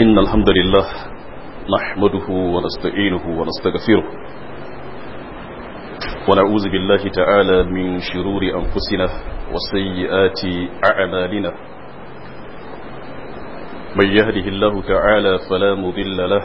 إن الحمد لله نحمده ونستعينه ونستغفره ونعوذ بالله تعالى من شرور أنفسنا وسيئات أعمالنا من يهده الله تعالى فلا مضل له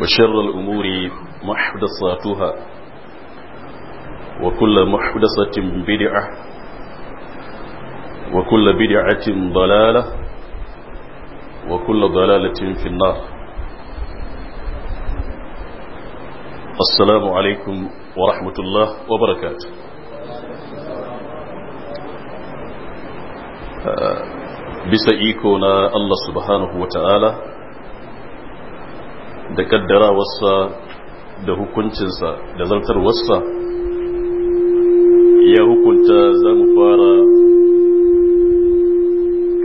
وشر الأمور محدثاتها وكل محدثة بدعة وكل بدعة ضلالة وكل ضلالة في النار السلام عليكم ورحمة الله وبركاته bisa آه، الله سبحانه وتعالى da kaddarawarsa da hukuncinsa da zartarwarsa ya hukunta za mu fara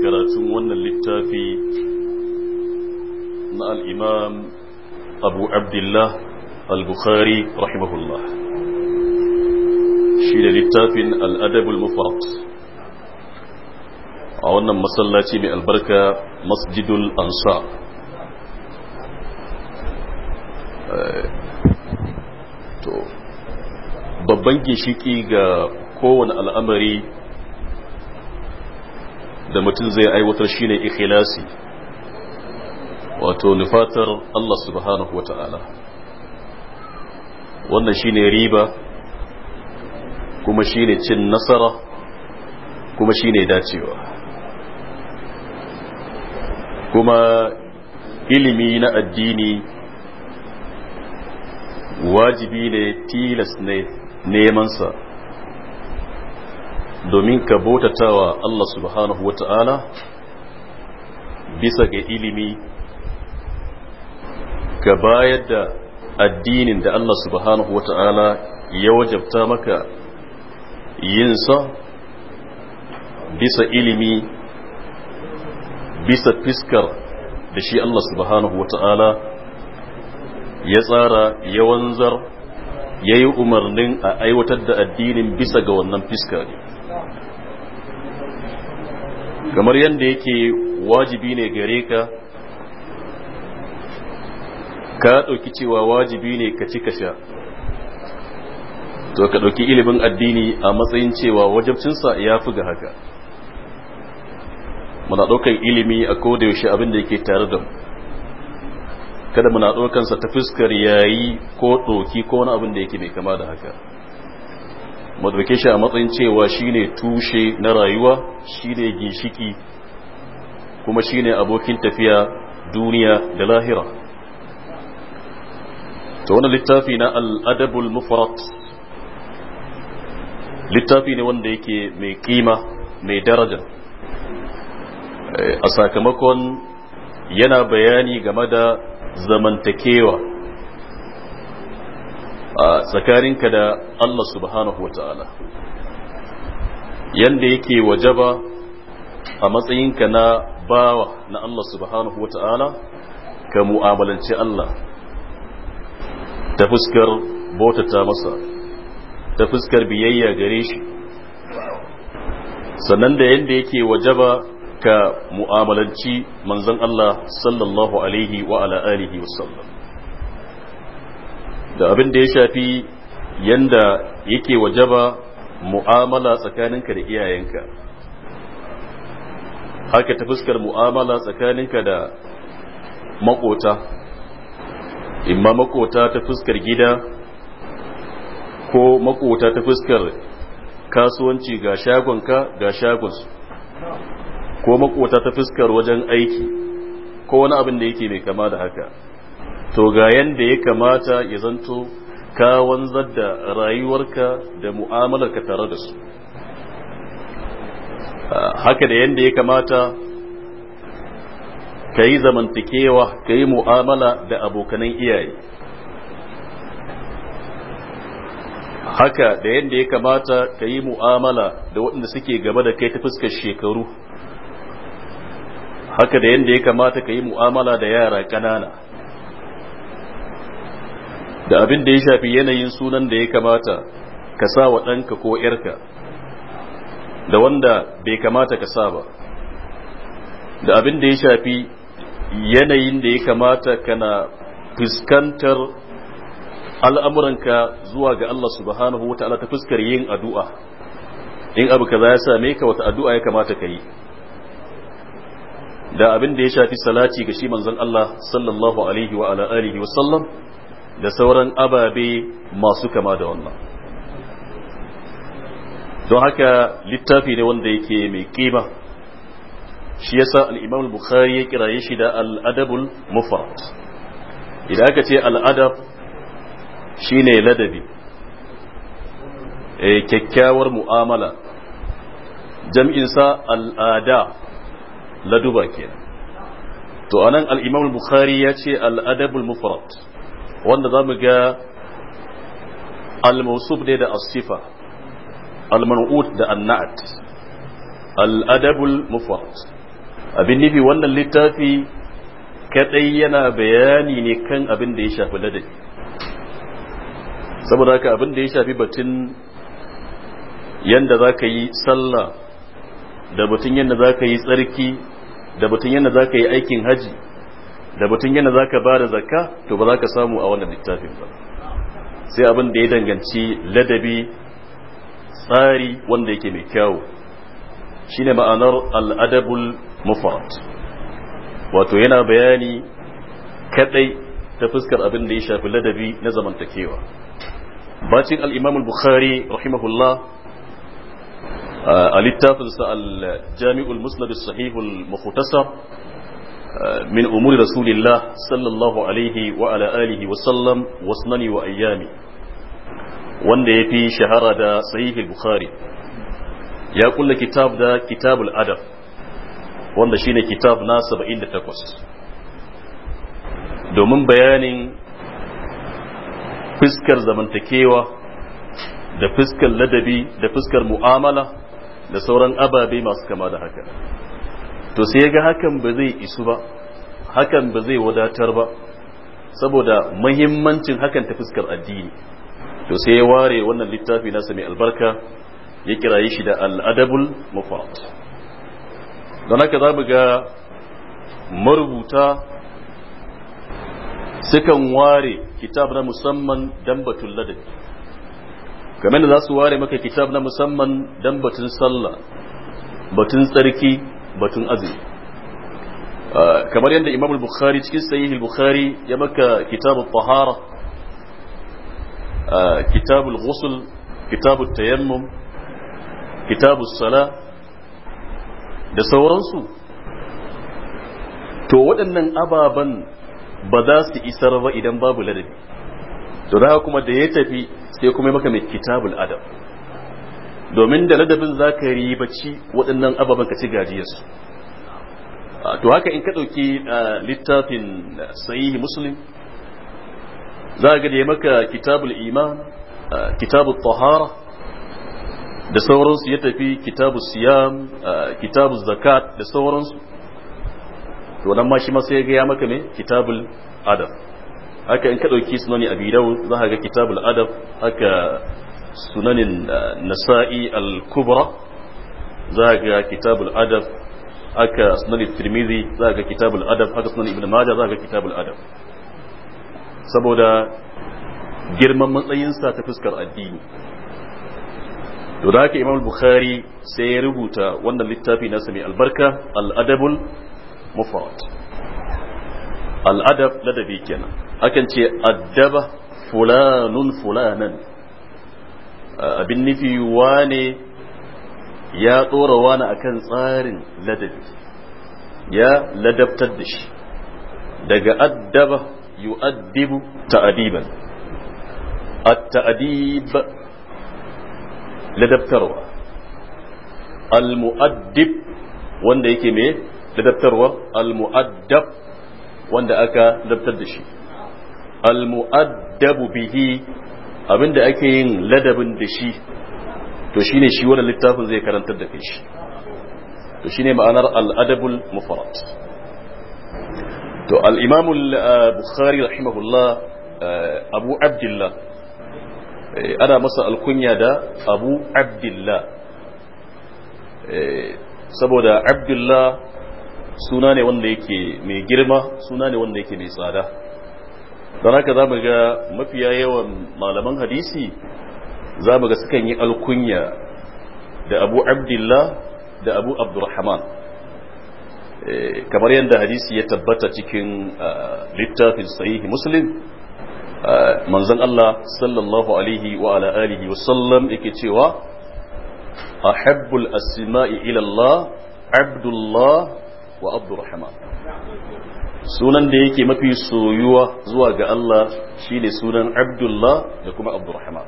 karatun wannan littafi na al'imam abu abdullah al-bukhari rahimahullah shi da littafin al'adabul mufarat a wannan masallaci mai albarka masjidul ansa to babban ginshiki ga kowane al'amari da mutum zai aiwatar shine ikhlasi wato nufatar Allah subhanahu wata'ala wannan shine riba kuma shine cin nasara kuma shine dacewa kuma ilimi na addini wajibi ne tilas ne nemansa domin ka bautatawa Allah subhanahu wata'ala bisa ga ilimi ka bayar da addinin da Allah subhanahu wata'ala ya wajabta maka yinsa bisa ilimi bisa fiskar da shi Allah subhanahu wata'ala ya tsara ya wanzar ya yi umarnin a aiwatar da addinin bisa ga wannan fiska ne kamar yadda yake wajibi ne gare ka ka ɗauki cewa wajibi ne ka ci ka sha to ka ɗauki ilimin addini a matsayin cewa wajabcinsa ya fi ga haka muna ɗaukar ilimi a kodayaushe yaushe abin da yake tare da mu kada muna ɗaukansa ta fuskar yayi ko ɗoki ko wani abin da yake mai kama da haka mu ɗauke shi a matsayin cewa shine tushe na rayuwa shine ginshiki kuma shine abokin tafiya duniya da lahira ta wani littafi na al'adabul mufarat littafi ne wanda yake mai kima mai daraja eh, a sakamakon yana bayani game da zamantakewa a tsakaninka da Allah subhanahu wa ta'ala yanda yake wajaba a matsayinka na bawa na Allah subhanahu wa ta'ala ka mu'amalanci Allah ta fuskar bautata masa ta fuskar biyayya gare shi sannan da yadda yake wajaba ka mu'amalanci manzon Allah sallallahu alaihi wa ala alihi wasallam da abin da ya shafi yanda yake wajaba mu'amala tsakaninka da iyayenka haka ta fuskar mu'amala tsakaninka da makota imma makota ta fuskar gida ko makota ta fuskar kasuwanci ga shagonka ga shagonsu ko makota ta fuskar wajen aiki ko wani abin da yake mai kama da haka to ga yanda ya kamata ya zanto ka wanzar da rayuwarka da mu'amalarka tare da su ah, haka da yanda ya kamata ka yi zamantakewa ka yi mu'amala da abokanan iyaye haka da yadda ya kamata ka yi mu'amala da waɗanda suke gaba da kai ta fuskar shekaru haka da yadda ya kamata ka yi mu'amala da yara ƙanana da abin da ya shafi yanayin sunan da ya kamata ka sa wa ɗanka ko ‘yarka da wanda bai kamata ka sa ba da abin da ya shafi yanayin da ya kamata kana fuskantar al'amuranka zuwa ga Allah subhanahu wa ta'ala ta fuskar yin addu'a in abu kaza ya same ka wata addu'a ya kamata ka yi da abin da ya shafi salati ga shi manzon Allah sallallahu alaihi wa ala alihi wa sallam da sauran ababe masu kama da wannan don haka littafi ne wanda yake mai kima shi yasa al-Imam al-Bukhari ya kiraye shi da al-Adabul Mufrad idan aka ce al-adab shine ladabi e kyakkyawar mu'amala jam'in sa al laduba kenan to anan al-imam al-bukhari ya ce al-adab al-mufrad wanda zamu ga al-mawsuf ne da as-sifa al-man'ut da an-na'at al-adab al-mufrad abin nufi wannan littafi kadai yana bayani ne kan abin da ya shafi ladabi saboda ka abin da ya shafi batun yanda za ka yi sallah da batun yanda za ka yi tsarki da batun yadda za ka yi aikin haji da batun yadda za ka ba da zakka to ba za ka samu a wannan littafin ba sai abin da ya danganci ladabi tsari wanda yake mai kyawu shine ma'anar al'adabul mufarat wato yana bayani kadai ta fuskar abin da ya shafi ladabi na zamantakewa bacin al'imamul bukhari rahimahullah a littafinsa al-jami'ul musnad as min umuri rasulillah sallallahu alaihi wa ala alihi wa sallam wasnani wa ayyami wanda ya fi shahara da sahih bukhari ya kulla kitab da kitabul adab wanda shine kitab na 78 domin bayanin fiskar zamantakewa da fiskar ladabi da fiskar mu'amala da sauran ababe masu kama da haka to sai ga hakan ba zai isu ba hakan ba zai wadatar ba saboda mahimmancin hakan ta fuskar addini to sai ya ware wannan littafi nasa mai albarka ya kiraye shi da al'adabul mufat don haka za ga marubuta sukan ware kitab na musamman dan batun ladabi game da za su ware maka kitab na musamman don batun sallah batun tsarki batun azumi uh, kamar yadda imam bukhari cikin sahihi bukhari ya maka kitab tahara uh, kitab ghusl kitab tayammum kitab sala da sauransu to waɗannan ababen ba za su isar ba idan babu ladabi to da kuma da ya tafi sai kuma maka mai kitabul adab domin da ladabin za ka bacci waɗannan ababen ka ci gajiyarsu to haka in ka ɗauki littafin sahihi muslim za ga da maka kitabul iman kitabul tahara da sauransu ya tafi kitabul siyam kitabul zakat da sauransu to nan ma shi sai ya maka ne kitabul adab haka in ka ɗauki sunani abi daud za ka ga kitabul adab haka sunanin nasa'i al-kubra za ka ga kitabul adab haka sunanin tirmizi za ka ga kitabul adab haka sunanin ibn majah za ka ga kitabul adab saboda girman matsayinsa ta fuskar addini to da haka imam bukhari sai ya rubuta wannan littafi nasa mai albarka al-adabul mufrad al'adab ladabi kenan akan ce addaba fulanun fulanan abin nufi wane ya tsora wani akan tsarin ladabi ya ladabtar da shi daga addaba yu'addibu ta'adiban at-ta'dib ladabtarwa al-mu'addib wanda yake me ladabtarwa al-mu'addab wanda aka dabtar da shi almu'addabu bihi abinda ake yin ladabin da shi to shine shi wannan littafin zai karantar da kai shi to shine ma'anar al-adabul mufrad to al-imam al-bukhari rahimahullah eh, abu abdullah eh, ana masa alkunya da abu abdullah eh, saboda abdullah suna ne wanda yake mai girma suna ne wanda yake mai tsada don haka za mu ga mafiya yawan malaman hadisi za mu ga sukan yi alkunya da abu abdullah da abu abdurrahman eh, kamar yadda hadisi ya tabbata cikin ah, littafin sahihi muslim ah, manzon Allah sallallahu alaihi wa ala alihi wa sallam yake cewa ahabbul asma'i ila Allah abdullah wa abdurrahman sunan da yake mafi soyuwa zuwa ga Allah shine sunan abdullah da kuma abdurrahman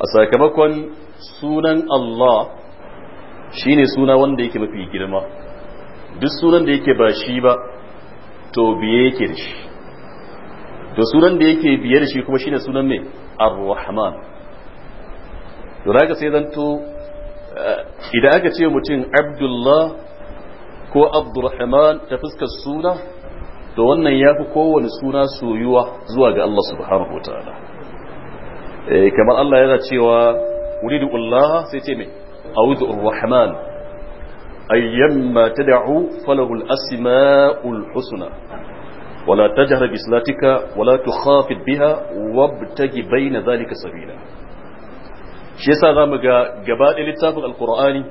a sakamakon sunan Allah shine suna wanda yake mafi girma duk sunan da yake ba shi ba to biye yake da shi to sunan da yake biye da shi kuma shine sunan mai ar-rahman to daga sai zanto eh, idan aka ce mutum abdullah ko abdurrahman ta fuskar suna to wannan ya fi kowane suna soyuwa zuwa ga Allah subhanahu wataala eh, kamar Allah yana cewa uridu Allah sai ce mai a'udhu ar-rahman ayyamma tad'u falahu al-asma'ul husna ولا wala بصلاتك ولا biha بها وابتغي بين ذلك sabila shi yasa zamu ga gaba da littafin alqur'ani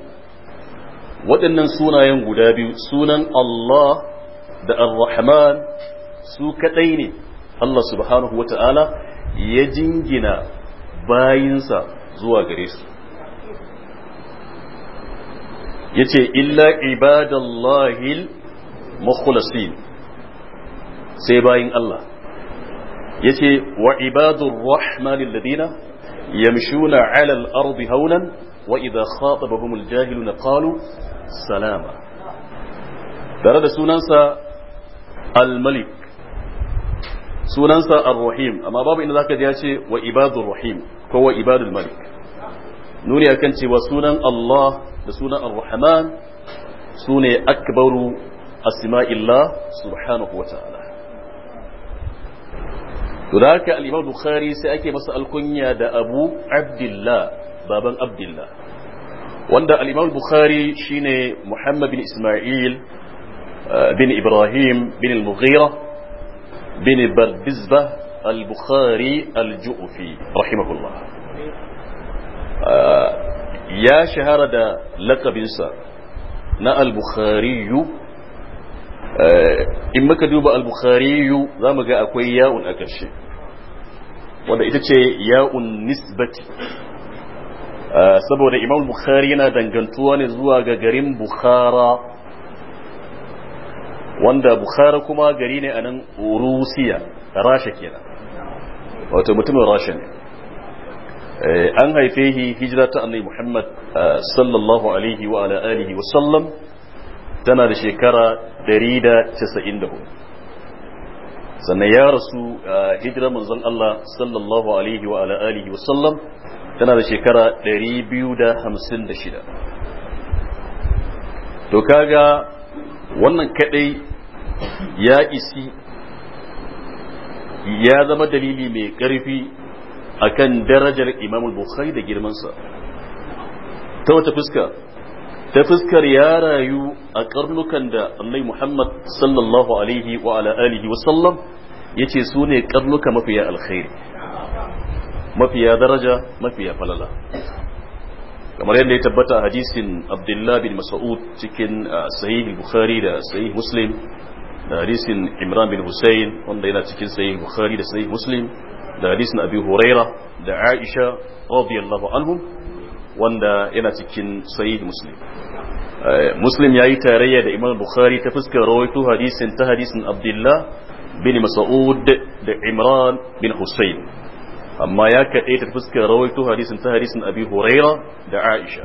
waɗannan sunayen guda biyu sunan Allah da Ar-Rahman su kaɗai ne Allah subhanahu wa ta'ala ya jingina bayinsa zuwa gare su ya ce illa ibadallahil mukhlasin sai bayin Allah ya ce wa ibadun rahmanin ladina yamshuna alal ardi haunan wa idza khatabahum aljahiluna qalu salama tare da sunansa al-malik sunansa al rahim amma babu inda zaka ji ya ce wa ibadur rahim ko wa ibadul malik nuni akan cewa sunan Allah da sunan ar-rahman sune akbaru asma'illah subhanahu wa ta'ala to da haka al-imam bukhari sai ake masa alkunya da abu abdullah baban abdullah wanda al-imam bukhari shine muhammad bin isma'il bin ibrahim bin al-mughira bin barbizba al-bukhari al-ju'fi rahimahullah ya shahara da lakabinsa na al-bukhari in muka duba al-bukhari za mu ga akwai ya'un a ƙarshe wanda ita ce ya'un nisbati saboda imam bukhari yana dangantuwa ne zuwa ga garin bukhara wanda bukhara kuma gari ne a nan rusiya rasha kenan wato mutumin rasha ne eh, an haife shi hijira ta annabi muhammad eh, sallallahu alaihi wa ala alihi wa sallam tana da shekara 194 sannan ya rasu eh, hijira manzon Allah sallallahu alaihi wa ala alihi wa sallam tana da shekara 256 to kaga wannan kadai ya isi ya zama dalili mai a akan darajar imam bukhari da girmansa ta wata fuska ta fuskar ya rayu a karnukan da annai muhammad sallallahu alaihi wa ala alihi wasallam ya ce su ne karnuka mafiya alkhairi mafiya daraja mafiya falala kamar yadda ya tabbata a hadisin abdullahi bin mas'ud cikin sahih bukhari da sahih muslim da hadisin imran bin hussein wanda yana cikin sahih bukhari da sahih muslim da hadisin abi huraira da aisha radiyallahu anhum wanda yana cikin sahih muslim muslim ya yi tarayya da imam bukhari ta fuskar rawaito hadisin ta hadisin abdullahi bin mas'ud da imran bin hussein amma ya kaɗe ta fuskar rawaito hadisin ta hadisin abi huraira da aisha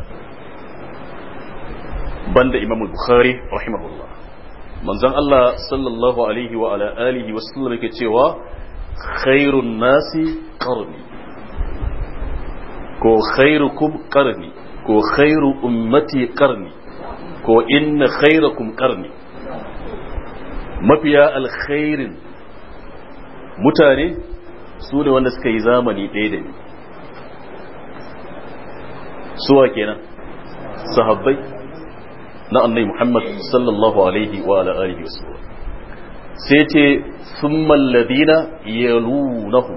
banda Imam bukhari rahimahullah manzon Allah sallallahu alaihi wa ala alihi wa sallam yake cewa khairun nasi qarni ko khairukum qarni ko khairu ummati qarni ko inna khairakum qarni mafiya alkhairin mutane su ne wanda suka yi zamani ɗaya da ni suwa kenan sahabbai na annai muhammad sallallahu alaihi wa ala wa wa sai ce sun malladina yalunahu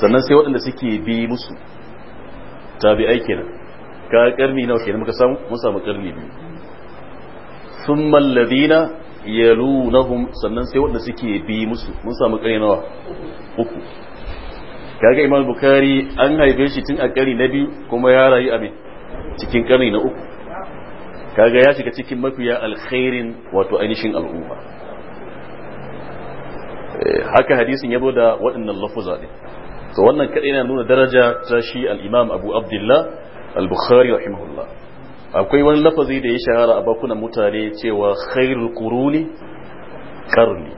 sannan sai waɗanda suke bi musu aiki kenan ka karni nawa kenan muka samu mun samu karni biyu sun malladina yalunahum sannan sai wanda suke bi musu mun samu kare nawa uku kaga imam bukari an haife shi tun a kari na biyu kuma ya rayu abin cikin kari na uku kaga ya shiga cikin mafiya alkhairin wato ainihin al'umma eh, haka hadisin ya da waɗannan lafuza ne to wannan kaɗai na nuna daraja ta shi al'imam abu abdullah al-bukhari rahimahullah akwai wani lafazi da ya shahara a bakunan mutane cewa khairul quruni qarni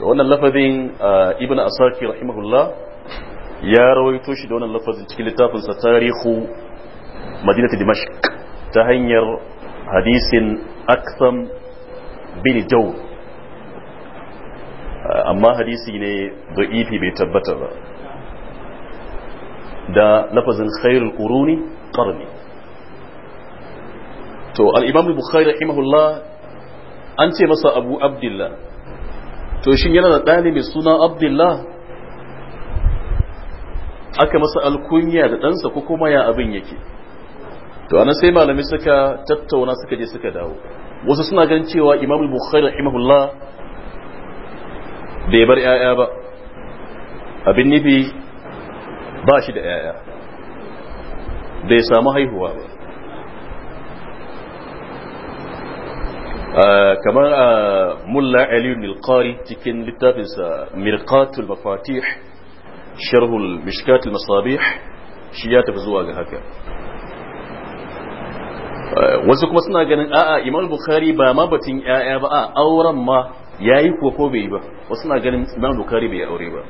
da wannan lafazin ibn asakir rahimahullah ya rawaito shi da wannan lafazin cikin littafin sa tarihu madinati dimashq ta hanyar hadisin aksam bin jaw amma hadisi ne da'ifi bai tabbata ba da lafazin khairul quruni qarni to al-imam bukhari rahimahullah an ce masa abu abdullah to shin yana da ɗani mai suna abdullah aka masa alkunya da ɗansa ko kuma ya abin yake to anan sai malami suka tattauna suka je suka dawo wasu suna ganin cewa imam bukhari rahimahullah bai bar 'ya'ya ba abin nufi ba shi da 'ya'ya bai samu haihuwa ba kamar ملا علي القاري تكن لتابس مرقات المفاتيح شره المشكات المصابيح شيات بزواج هكا wasu kuma suna ganin a'a imam bukhari ba ma batun yaya ba a auren ma yayi ko ko bai ba wasu suna ganin imam bukhari bai aure ba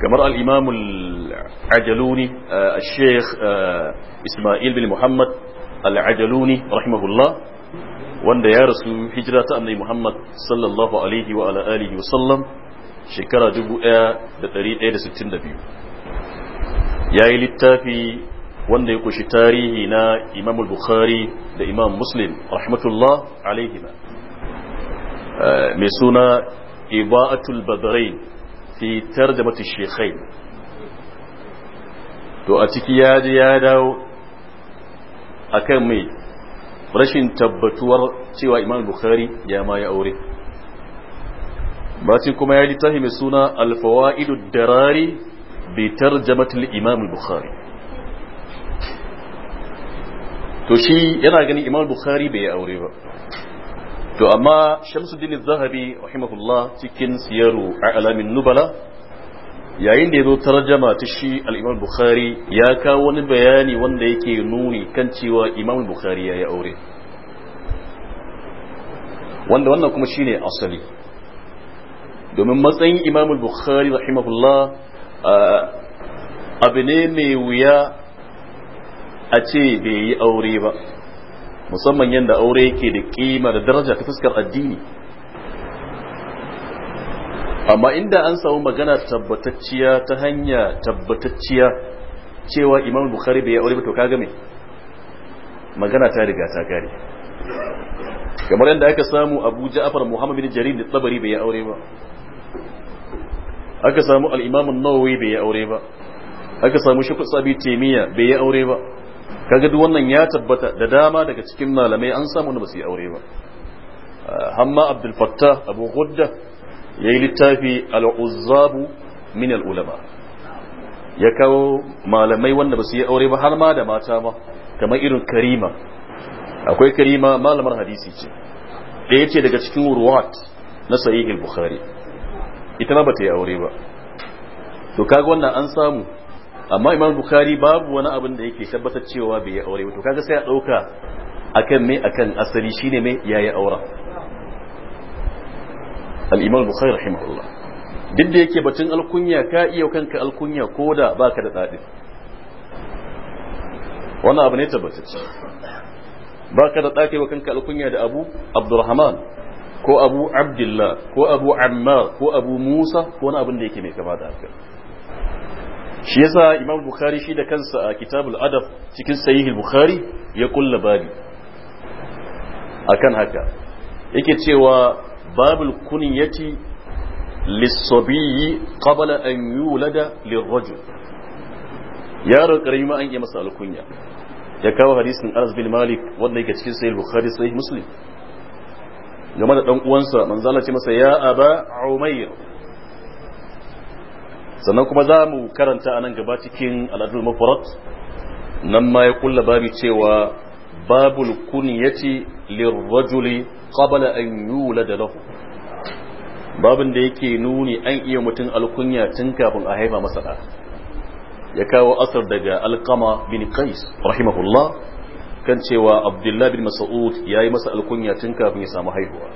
kamar al-imam al-ajaluni al-sheikh ismail bin muhammad al'ajaluni rahimahullah wanda ya rasu hijira ta annabi Muhammad sallallahu alaihi wa ala wa sallam shekara 1162 yayi littafi wanda ya kushi tarihi na Imam bukhari da Imam Muslim rahmatullah alaihima eh, mai suna Ibaatul Badrain fi tar da mata Shaykhain to a ciki ya ya dawo akan mai rashin tabbatuwar cewa imam bukhari ya ma aure bacin kuma ya littafi mai suna alfawa'idu darari bi tarjamatul imam bukhari to shi yana ganin imam bukhari bai yi aure ba to amma shamsuddin zahabi rahimahullah cikin siyaru a alamin nubala yayin da ya zo tarjama ta shi al Bukhari ya kawo wani bayani wanda yake nuni kan cewa Imam Bukhari ya yi aure wanda wannan kuma shine asali domin matsayin Imam Bukhari rahimahullah abu ne mai wuya a ce bai yi aure ba musamman yadda aure yake da kima da daraja ta fuskar addini amma inda an samu magana tabbatacciya ta hanya tabbatacciya cewa imam bukari bai aure to ka magana ta riga ta gari kamar yadda aka samu abu ja'afar muhammad bin jarir da tsabari bai yi aure ba aka samu al nawawi bai aure ba aka samu shi kutsabi taimiyya bai yi aure ba kaga duk wannan ya tabbata da dama daga cikin malamai an samu na ba su yi aure ba ah, hamma abdul fattah abu hudda ya yi littafi al'uzabu min al'ulama ya kawo malamai wanda ba su yi aure ba har ma da mata ba kamar irin karima akwai karima malamar hadisi ce ɗaya ce daga cikin ruwat na sahihul bukhari ita ma ta yi aure ba to kaga wannan an samu amma imam bukhari babu wani abin da yake tabbatar cewa bai yi aure ba to kaga sai a ɗauka akan me akan asali shine me yayi aura al bukhari rahimahullah duk da yake batun alkunya ka iya kanka alkunya ko da ba ka da dadin wannan abu ne tabbatacce ka da dake wa kanka alkunya da abu abdurrahman ko abu abdullah ko abu ammar ko abu musa ko wani abin da yake mai kama da haka shi yasa imam bukhari shi da kansa a kitabul adab cikin sahihul bukhari ya kulla babi akan haka yake cewa babul kunyati lissabiyi qabla an yulada lirrajul yaro karami ma an yi masa alkunya ya kawo hadisin Anas bin Malik wanda yake cikin sahih Bukhari sahih Muslim game da dan uwansa manzo ce masa ya aba Umayr sannan kuma za mu karanta a nan gaba cikin al-Adl Mufrad nan ma ya kulla babu cewa babul kunyati lirrajuli qabla an da lahu babin da yake nuni an iya mutum alkunya tun kafin a haifa masa ya kawo asar daga alkama bin qais rahimahullah kan cewa abdullahi bin mas'ud ya yi masa alkunya tun kafin ya samu haihuwa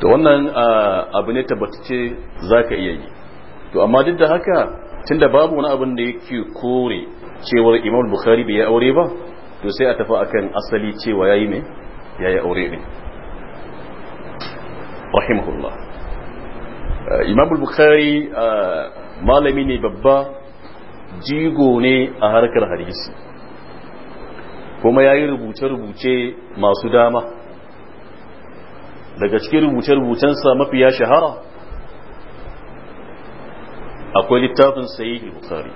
to wannan abu ne tabbatacce za ka iya yi to amma duk da haka tunda babu wani abin da yake kore cewar imam bukhari bai ya aure ba to sai a tafi akan asali cewa yayi ne yayi aure ne rahimahullah uh, imam bukhari uh, malami ne babba jigo ne a harkar hadisi kuma yayi rubuce-rubuce masu dama daga cikin rubuce-rubucensa ya shahara akwai littafin sayi bukhari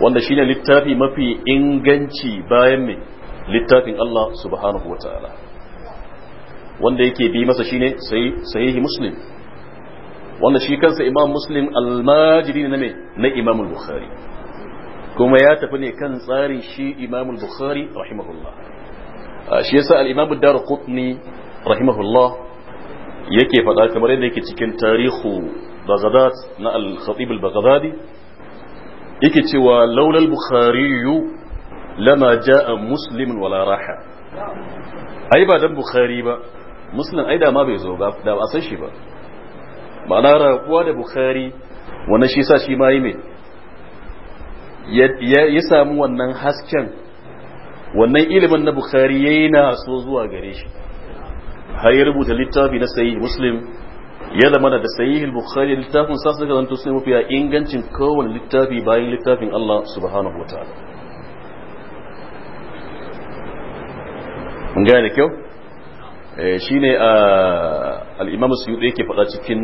wanda shine littafi mafi inganci bayan mai littafin Allah subhanahu wa ta'ala wanda yake bi masa shine sahihi muslim wanda shi kansa imam muslim almajiri ne mai na imam bukhari kuma ya tafi ne kan tsarin shi imam bukhari rahimahullah shi yasa al-imam ad-darqutni rahimahullah yake faɗa kamar yadda yake cikin tarihu baghdad na al-khatib al-baghdadi yake cewa laulal bukhari lama ja'a muslimin wala raha ai ba dan bukhari ba muslim ai da ma bai zo ba da ba san shi ba ma'ana rakuwa da bukhari wannan shi sa shi ma yi mai ya samu wannan hasken wannan ilimin na bukhari ya yi na so zuwa gare shi har ya rubuta littafi na sayi muslim ya zama da sahih al-bukhari littafin sa suka zanto sai mafiya ingancin kowane littafi bayan littafin Allah subhanahu wataala mun ga gane kyau shine a al-imam suyuti yake faɗa cikin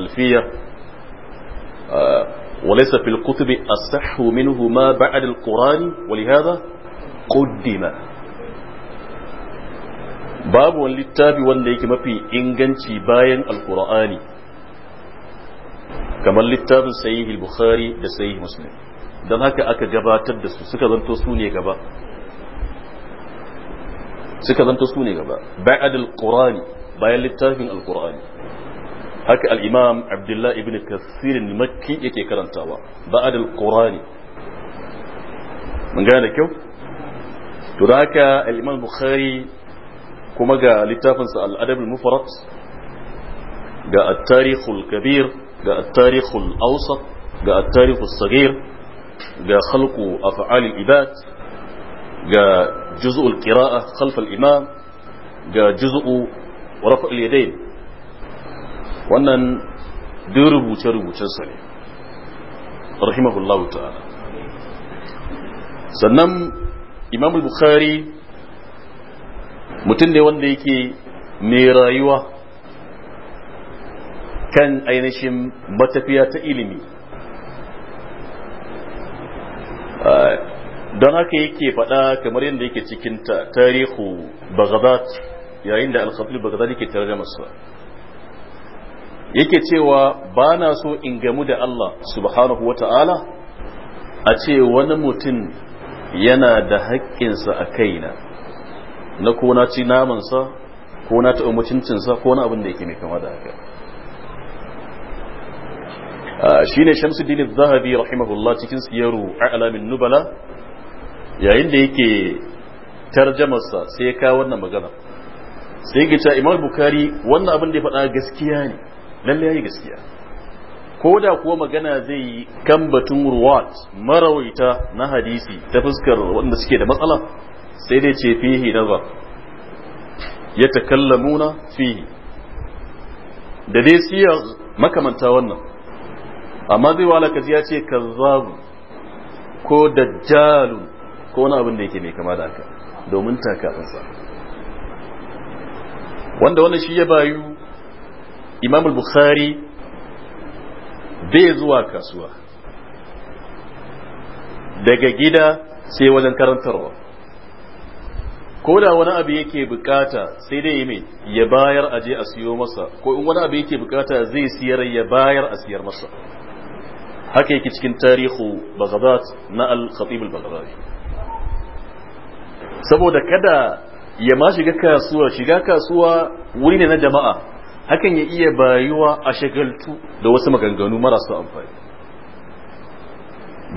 alfiya وليس في الكتب الصح منه ما بعد القرآن ولهذا قدم babu wani littafi wanda yake mafi inganci bayan alkur'ani kamar littafin sahih bukhari da sahih muslim don haka aka gabatar da su suka zanto su ne gaba suka zanto su ne gaba ba'ad alqur'ani bayan littafin alqur'ani haka al-imam Abdullahi ibn kathir al-makki yake karantawa ba'ad alqur'ani mun gane da kyau to da haka al-imam bukhari kuma ga littafinsa al'adab al-mufarat ga at-tarikhul kabir ga at-tarikhul awsat ga at-tarikhul sagir ga khalqu af'al ibad ga juz'ul qira'a khalf al-imam ga juz'u rafa' al-yadayn wannan duk rubuce-rubucensa ne rahimahullahu ta'ala sannan imam bukhari mutum ne wanda yake mai rayuwa kan ainihin matafiya ta ilimi don haka yake faɗa kamar yadda yake cikin tarihu bagdad yayin da alkhatib bagdad yake tare da masu yake cewa ba na so in gamu da Allah subhanahu wata'ala a ce wani mutum yana da haƙƙinsa a kaina na ko na ci namansa ko na taɓa mutuncinsa ko na abin da yake mai kama da haka shi ne shamsuddin zahabi rahimahullah cikin siyaru a alamin nubala yayin da yake tarjamarsa sai ya kawo wannan magana sai ya gita imam bukari wannan abin da ya faɗa gaskiya ne lallai ya yi gaskiya ko da kuwa magana zai yi kan batun ruwat marawaita na hadisi ta fuskar wanda suke da matsala sai dai ce fihi nazar ya takallamuna fihi da dai siya makamanta wannan amma zai wala ka ya ce kazzabu ko dajjalu ko wani abin da yake mai kama da haka domin taka tsansa wanda wannan shi ya bayu imam bukhari bai zuwa kasuwa daga gida sai wajen karantarwa ko da wani abu yake bukata sai dai yi mai ya bayar aje a siyo masa ko in wani abu yake bukata zai siyar ya bayar a siyar masa haka yake cikin tarihu bagadat na al-khatib al saboda kada ya ma shiga kasuwa shiga kasuwa wuri ne na jama'a hakan ya iya bayuwa a shagaltu da wasu maganganu marasa amfani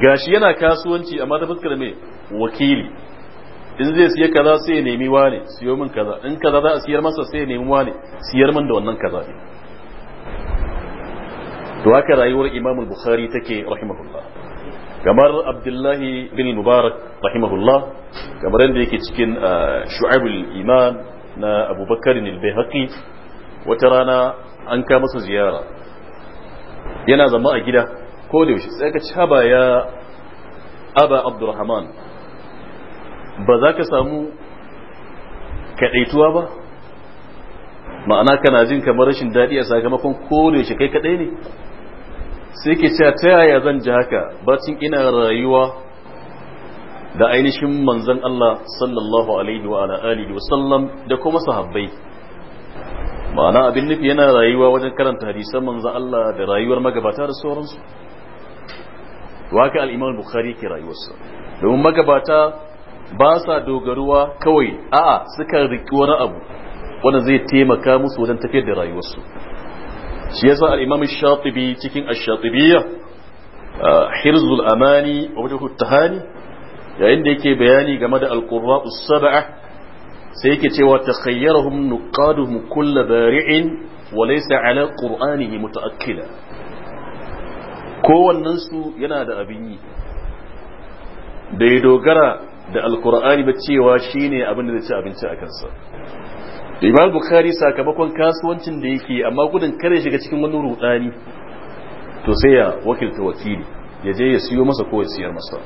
gashi yana kasuwanci amma da fuskar mai wakili in zai siya kaza sai ya nemi wane siyo min kaza in kaza za a siyar masa sai ya nemi wane siyar min da wannan kaza ne to haka rayuwar imam bukhari take rahimahullah kamar abdullahi bin mubarak rahimahullah kamar yadda yake cikin ah, shu'abul iman na abubakar al-bayhaqi wata rana an ka masa ziyara yana zama a gida ko da yaushe sai ka ci haba ya aba abdurrahman ba za ka samu kaɗaituwa ba ma'ana kana jin kamar rashin daɗi a sakamakon kone shi kai kaɗai ne sai ke cewa ta yaya zan ji haka bacin ina rayuwa da ainihin manzan Allah sallallahu alaihi wa alihi wa sallam da kuma sahabbai ma'ana abin nufi yana rayuwa wajen karanta hadisan manzan Allah da rayuwar magabata da sauransu waka al-Imam Bukhari ke rayuwarsa domin magabata ba sa dogaruwa kawai a'a suka riƙi wani abu wanda zai taimaka musu wajen tafiyar da rayuwarsu shi yasa al-imam shatibi cikin ash-shatibiyya hirzul amani wa wajhu tahani yayin da yake bayani game da al-qurra sab'a sai yake cewa takhayyarahum nuqaduhum kull bari'in wa laysa ala qur'anihi mutaakkila kowannen su yana da abin yi da ya dogara da alkur'ani ba cewa shi abin da zai ci abinci a kansa imam bukari sakamakon kasuwancin da yake amma gudun kare shiga cikin wani rudani to sai ya wakilta wakili ya je ya siyo masa ko ya siyar masa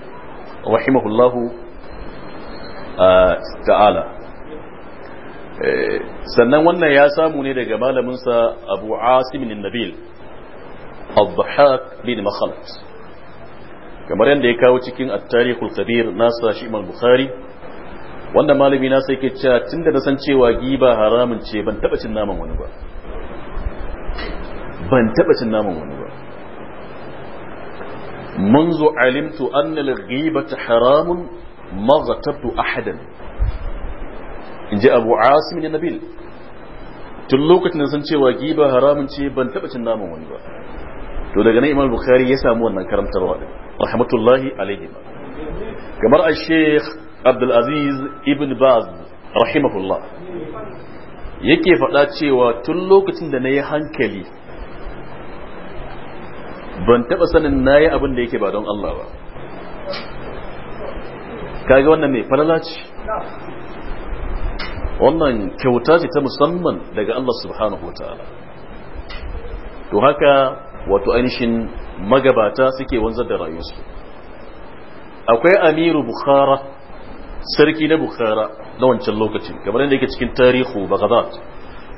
rahimahullahu ta'ala e, sannan wannan ya samu ne daga malaminsa abu asim bin nabil abdullahi bin makhalat kamar yadda ya kawo cikin at-tarikhul kabir nasa shi imam bukhari wanda malami na sai ke cewa tunda na san cewa giba haramun ce ban taba cin naman wani ba ban taba cin naman wani ba منذ علمت أن الغيبة حرام ما غتبت أحدا in ji abu asim ne nabil tun lokacin da san cewa giba haramun ce ban taba cin naman wani ba to daga nan imam bukhari ya samu wannan karamtarwa din rahmatullahi alaihi kamar a sheikh abdul aziz ibn baz rahimahullah yake faɗa cewa tun lokacin da na yi hankali ban taɓa sanin na yi abin da yake ba don Allah ba ga wannan mai falala ce wannan kyauta ce ta musamman daga Allah subhanahu wa ta'ala to haka wato ainihin magabata suke wanzar da rayuwarsu akwai amiru bukhara sarki na bukhara na wancan lokacin kamar yadda yake cikin tarihu baghdad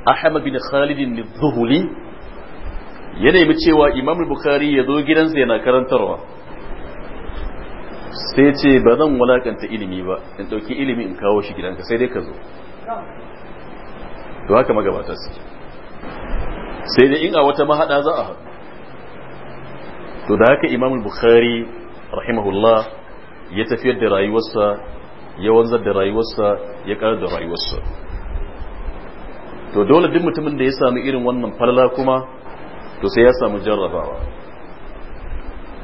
ahmad bin khalid bin zuhuli ya nemi cewa imam bukhari ya zo gidansa yana karantarwa sai ce ba zan walakanta ilimi ba in dauki ilimi in kawo shi gidanka sai dai ka zo to haka magabata suke sai dai in a wata mahada za a haɗu to da haka imamul bukhari rahimahullah ya tafiyar da rayuwarsa ya wanzar da rayuwarsa ya ƙarar da rayuwarsa to dole duk mutumin da ya sami irin wannan falala kuma to sai ya samu jarrabawa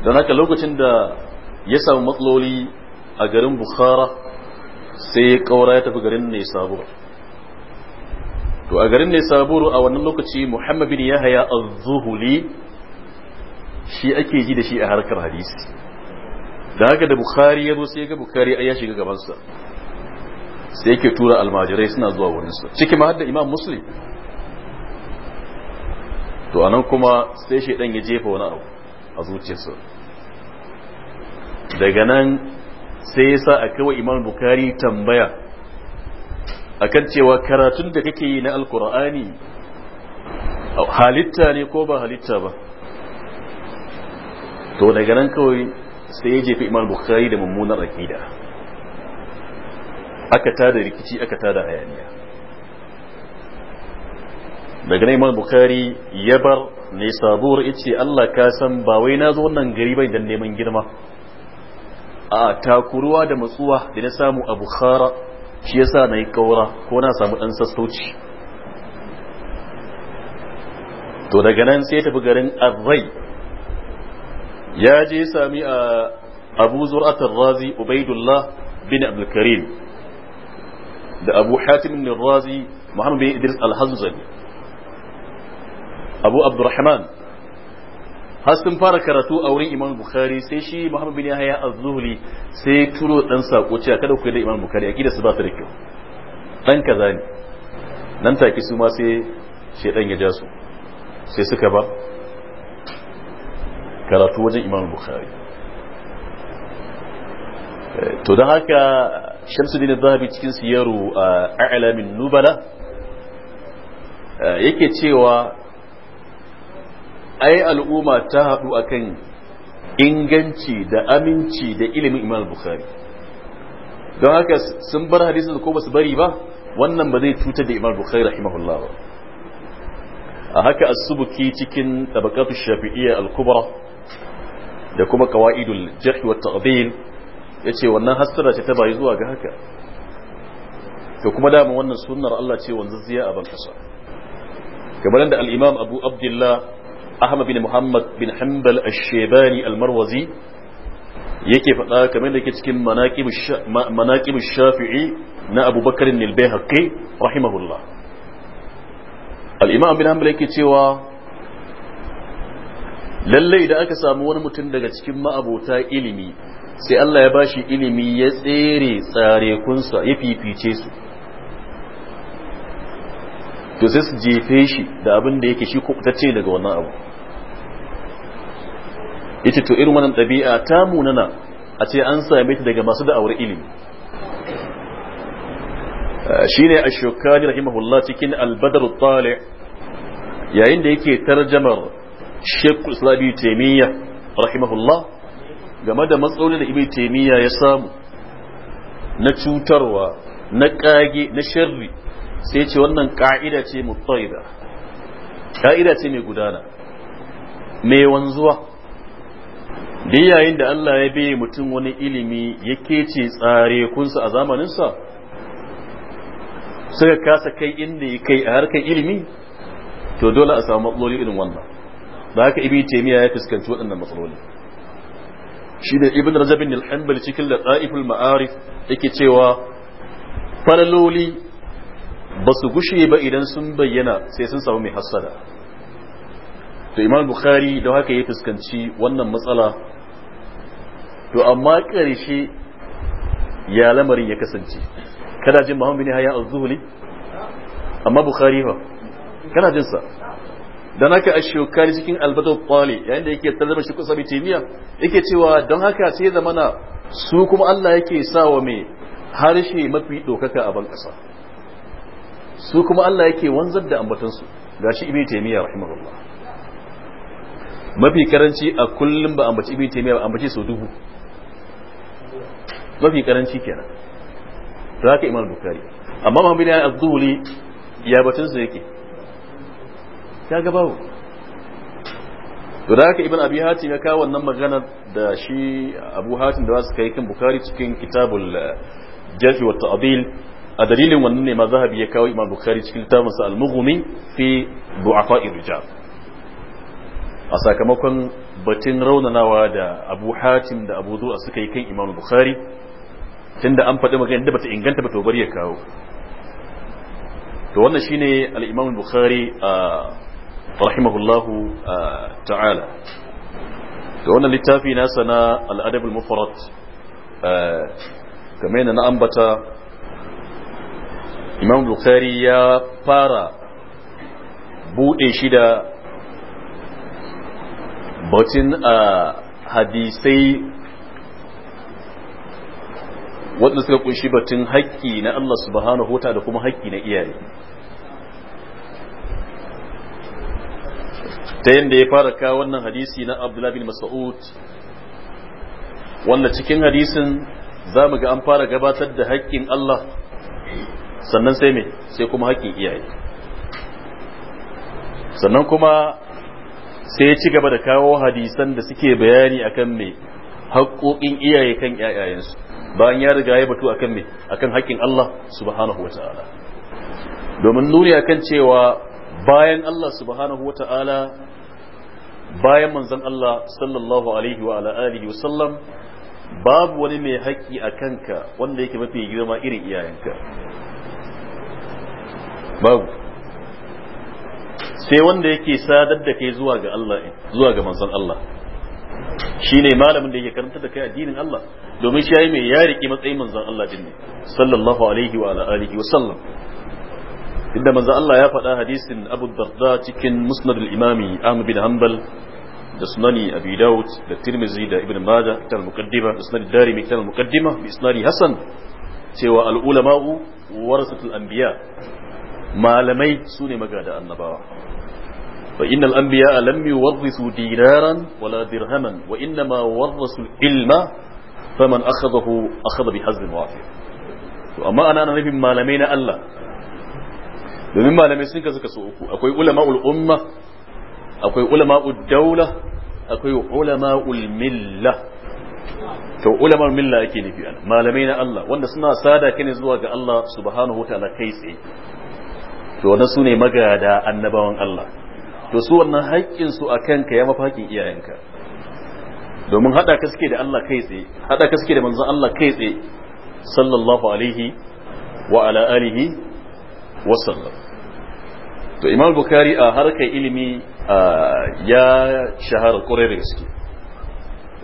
don haka lokacin da ya samu matsaloli a garin bukhara sai ya ƙaura ya tafi garin ne sabuwar to a garin ne sabuwar a wannan lokaci muhammad bin yahaya az-zuhuli shi ake ji da shi a harkar hadisi da haka da bukhari ya zo sai ga bukhari ya shiga gabansa sai yake tura almajirai suna zuwa wurinsa ciki ma da imam muslim to anan kuma sai dan ya jefa wani abu a zuciyarsa daga nan sai ya sa a kawai imam bukari tambaya akan cewa karatun da kake yi na alkur'ani halitta ne ko ba halitta ba to daga nan kawai sai ya jefi imam bukhari da mummunar akida aka tada rikici aka tada hayaniya daga nan imam bukhari ya bar ne sabuwar ice Allah ka san ba wai na zo wannan gari bai dan neman girma a takuruwa da matsuwa da na samu a bukhara shi ya sa na yi kaura ko na samu ɗan sassauci to daga nan sai ya tafi garin arrai ya je sami a abu zur'atar razi ubaidullah bin abdulkarim da abu hatim bin razi muhammad bin idris al-hanzali abu abdurrahman har sun fara karatu a wurin imam bukhari sai shi muhammad bin yahya az zuhri sai turo dan sako cewa kada ku da imam bukhari akida su ba ta da kyau dan kaza ne nan take su ma sai shedan ya ja su sai suka ba karatu wajen imam bukhari to don haka shamsuddin zahabi cikin siyaru a a'lamin nubala yake cewa ai al'umma ta haɗu akan inganci da aminci da ilimin imam bukhari don haka sun bar hadisin ko ba su bari ba wannan ba zai cutar da imam bukhari rahimahullah ba a haka asubuki cikin tabakatu shafi'iyya al-kubra da kuma qawaidul jarh wa ta'dil yace wannan hasara ce ta bayi zuwa ga haka to kuma da wannan sunnar Allah ce wanzazziya a bankasa kamar da al-imam Abu Abdullah Ahmad bin Muhammad bin Hanbal ash-Shaybani al-Marwazi yake faɗa kamar da ke cikin manaƙib shafi'i na abubakar nilbai haƙƙi rahimahullah al'imam bin hanbal yake cewa lallai da aka samu wani mutum daga cikin ma'abota ilimi sai Allah ya bashi ilimi ya tsere tsare kunsa ya fifice su to sai su jefe shi da abin da yake shi kubutacce daga wannan abu ita to irin wannan ɗabi'a ta munana a ce an same ta daga masu da'awar ilimi ah, Shi ne a shukani rahimahullah cikin albadar tali yayin da yake tarjamar shekul islami taimiyya rahimahullah game da matsalolin da ibn taimiyya ya samu na cutarwa na kage na sharri sai ce wannan ka'ida ce mutaida ka'ida ce mai gudana mai wanzuwa da yayin da Allah ya bai mutum wani ilimi ya kece tsare kunsa a zamaninsa suka kasa kai inda ya kai a harkar ilimi to dole a samu matsaloli irin wannan da haka ibi taimiyya ya fuskanci waɗannan matsaloli shi da ibn rajabin al-hanbali cikin da ɗa'iful ma'arif yake cewa falaloli ba su gushe ba idan sun bayyana sai sun samu mai hassada to imam bukhari da haka ya fuskanci wannan matsala to amma ƙarshe ya lamarin ya kasance Kada jin muhammad bin hayya az-zuhli amma bukhari ba kana jin sa Dan haka a shokari cikin albatul qali yayin da yake tarjuma shi kusa bitimiya yake cewa don haka sai zamana su kuma Allah yake wa mai harshe mafi dokaka a ban su kuma Allah yake wanzar da ambatansu. su gashi ibi taymiya rahimahullah mafi karanci a kullum ba ambaci ibi taimiyya ba ambaci sau dubu mafi karanci kenan da haka imam bukhari amma Muhammadu ya az-zuhri ya batun su yake kaga babu to da haka ibn abi hatim ya kawo wannan magana da shi abu hatim da su kai kan bukari cikin kitabul eh, jafi wa ta'dil a dalilin wannan ne ma zahabi ya kawo imam bukari cikin littafin sa al-mughni fi du'afa'ir rijal a sakamakon batun raunanawa da abu hatim da abu zu'a suka yi kan imam bukari tunda an faɗi magana da bata inganta ba to bari ya kawo to wannan shine al-imam bukhari a ah, rahimahullahu uh, ta'ala ga wannan littafi nasa na al'adab al-mufarad game uh, da na ambata imam bukhari ya fara buɗe shi da batun a uh, hadisai wadda suka kunshi batun haƙƙi na Allah subhanahu wa da kuma haƙƙi na iyaye ta yadda ya fara kawo wannan hadisi na abdullahi bin mas'ud wanda cikin hadisin za mu ga an fara gabatar da haƙƙin Allah sannan sai me sai kuma haƙƙin iyaye sannan kuma sai ya ci gaba da kawo hadisan da suke bayani akan mai haƙƙoƙin iyaye kan ƴaƴayensu bayan ya riga ya batu akan a akan haƙƙin Allah subhanahu ta'ala domin nuni akan cewa bayan Allah subhanahu wa ta'ala bayan manzan Allah sallallahu alaihi wa ala wa sallam babu wani mai haƙƙi a kanka wanda yake mafi girma irin iyayenka babu sai wanda yake sadar da kai zuwa ga Allah zuwa ga manzon Allah shine malamin da yake karanta da kai addinin Allah domin shi yayi mai ya riki matsayin manzan Allah din ne sallallahu alaihi wa ala alihi wa sallam inda manzo Allah ya faɗa hadisin Abu Darda cikin Musnad al-Imami Ahmad bin Hanbal da Sunani Abi Dawud da Tirmidhi da Ibn Majah ta al-Muqaddima da Sunan Darimi ta al-Muqaddima bi isnadi Hasan cewa al-ulama'u warasatul anbiya malamai sune magada annabawa fa innal anbiya lam yuwarrisu dinaran wala dirhaman wa innama warrasul ilma faman akhadahu akhadha bi hazbin wafi to amma ana nufin malamai na Allah domin malamai sun ka suka so uku akwai ulama'ul umma akwai ulama'ul daula akwai ulama'ul mila to ulama'ul milla ake nufi ana malamai na Allah wanda suna sada kai ne zuwa ga Allah subhanahu wataala kai tsaye to wannan sune magada annabawan Allah to su wannan haƙƙin su akan ka ya mafakin iyayenka domin hada ka suke da Allah kai tsaye hada ka suke da manzon Allah kai tsaye sallallahu alaihi wa ala alihi wasallam to imam bukari a harkar ilimi ya shahara kwarai da gaske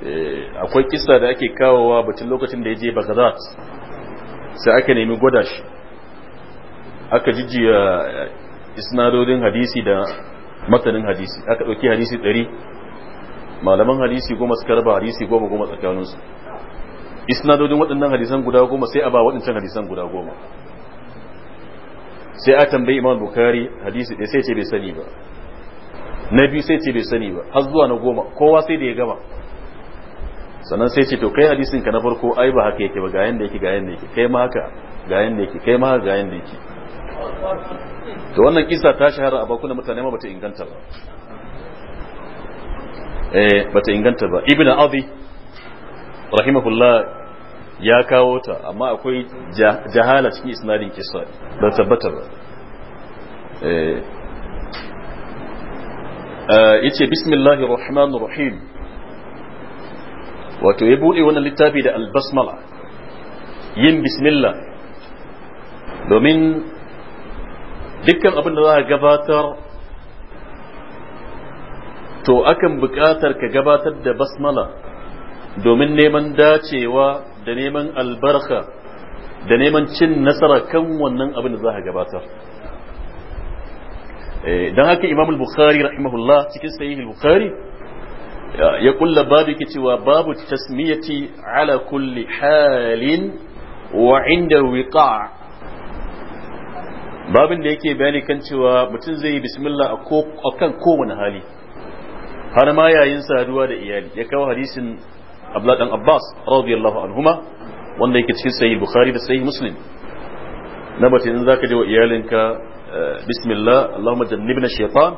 eh, akwai kisa da ake kawowa batun lokacin da ya je baghdad sai aka nemi gwada shi aka jijjiya isnadodin hadisi da matanin hadisi aka ɗauki hadisi ɗari malaman hadisi goma suka raba hadisi goma goma tsakaninsu isnadodin waɗannan hadisan guda goma sai a ba waɗancan hadisan guda goma sai a tambayi imam bukari hadisi ɗaya sai ce bai sani ba na biyu sai ce bai sani ba har zuwa na goma kowa sai da ya gama sannan sai ce to kai hadisin ka na farko ai ba haka yake ba ga yanda yake ga yanda yake kai ma haka ga yanda yake kai ma haka ga yanda yake to wannan kisa ta shahara a bakunan mutane ma bata inganta ba eh bata inganta ba ibnu abi rahimahullah ya kawo ta amma akwai jahala cikin isnadin kisa da tabbata ba eh, eh, yace bismillahir rahmanir rahim wato ya bude wannan littafi da albasmala yin bismillah domin dukkan abin da za a gabatar to akan bukatar ka gabatar da basmala domin neman dacewa da neman albarka da neman cin nasara kan wannan abin da za a gabatar eh, don haka imam al-bukhari rahimahullah cikin sahih al-bukhari eh, ya kulla babu yake cewa babu tasmiyati ala kulli halin wa inda wiqa babin da yake bayani kan cewa mutum zai yi bismillah a kan kowane hali har ma yayin saduwa da iyali ya kawo hadisin abdullahi dan abbas radiyallahu anhuma wanda yake cikin sahih bukhari da sahih muslim na bace in zaka je wa iyalinka eh, bismillah allahumma jannibna shaytan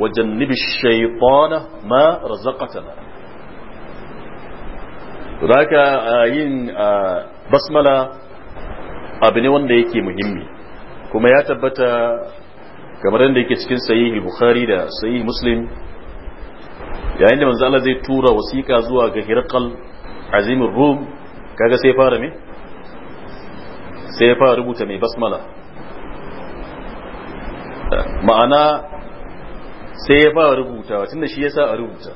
wa jannibi shaytana ma razaqatana zaka eh, yin eh, basmala abu ne wanda yake muhimmi kuma ya tabbata kamar yadda yake cikin sahih bukhari da sahih muslim yayin da manzo Allah zai tura wasiƙa zuwa ga Hirqal azimin Rum kaga sai fara me sai ya fara rubuta mai basmala ma'ana sai ya fara rubuta tunda shi yasa a rubuta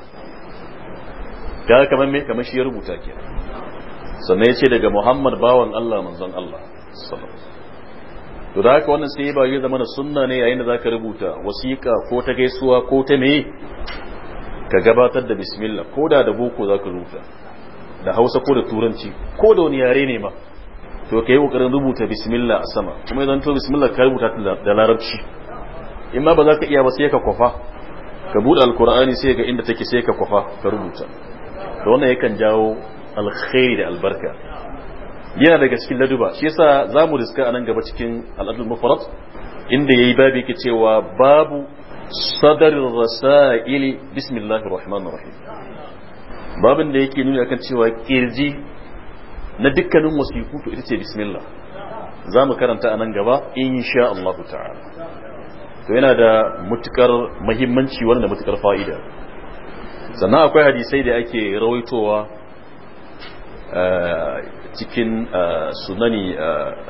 kaga kamar me kamar shi ya rubuta ke sannan ya ce daga Muhammad bawan Allah manzon Allah to da haka wannan sai ya bayyana da sunna ne yayin da zaka rubuta wasiƙa ko ta gaisuwa ko ta me ka gabatar da bismillah ko da da boko za ka rubuta da hausa ko da turanci ko da wani yare ne ma to ka yi kokarin rubuta bismillah a sama kuma idan to bismillah ka rubuta da larabci in ma ba za ka iya ba sai ka kwafa ka buɗe alkur'ani sai ga inda take sai ka kwafa ka rubuta to wannan yakan jawo alkhairi da albarka yana daga cikin laduba shi yasa zamu riska nan gaba cikin al'adul mufrad inda yayi babu yake cewa babu rasa rasa'ili bismillahir rahmanir rahim babin da yake nuna akan cewa kirji na dukkanin wasiku to ita ce bismillah za mu karanta a nan gaba insha Allah ta'ala to yana da mutukar muhimmanci wanda mutukar fa'ida sannan akwai hadisai da ake rawaitowa cikin sunani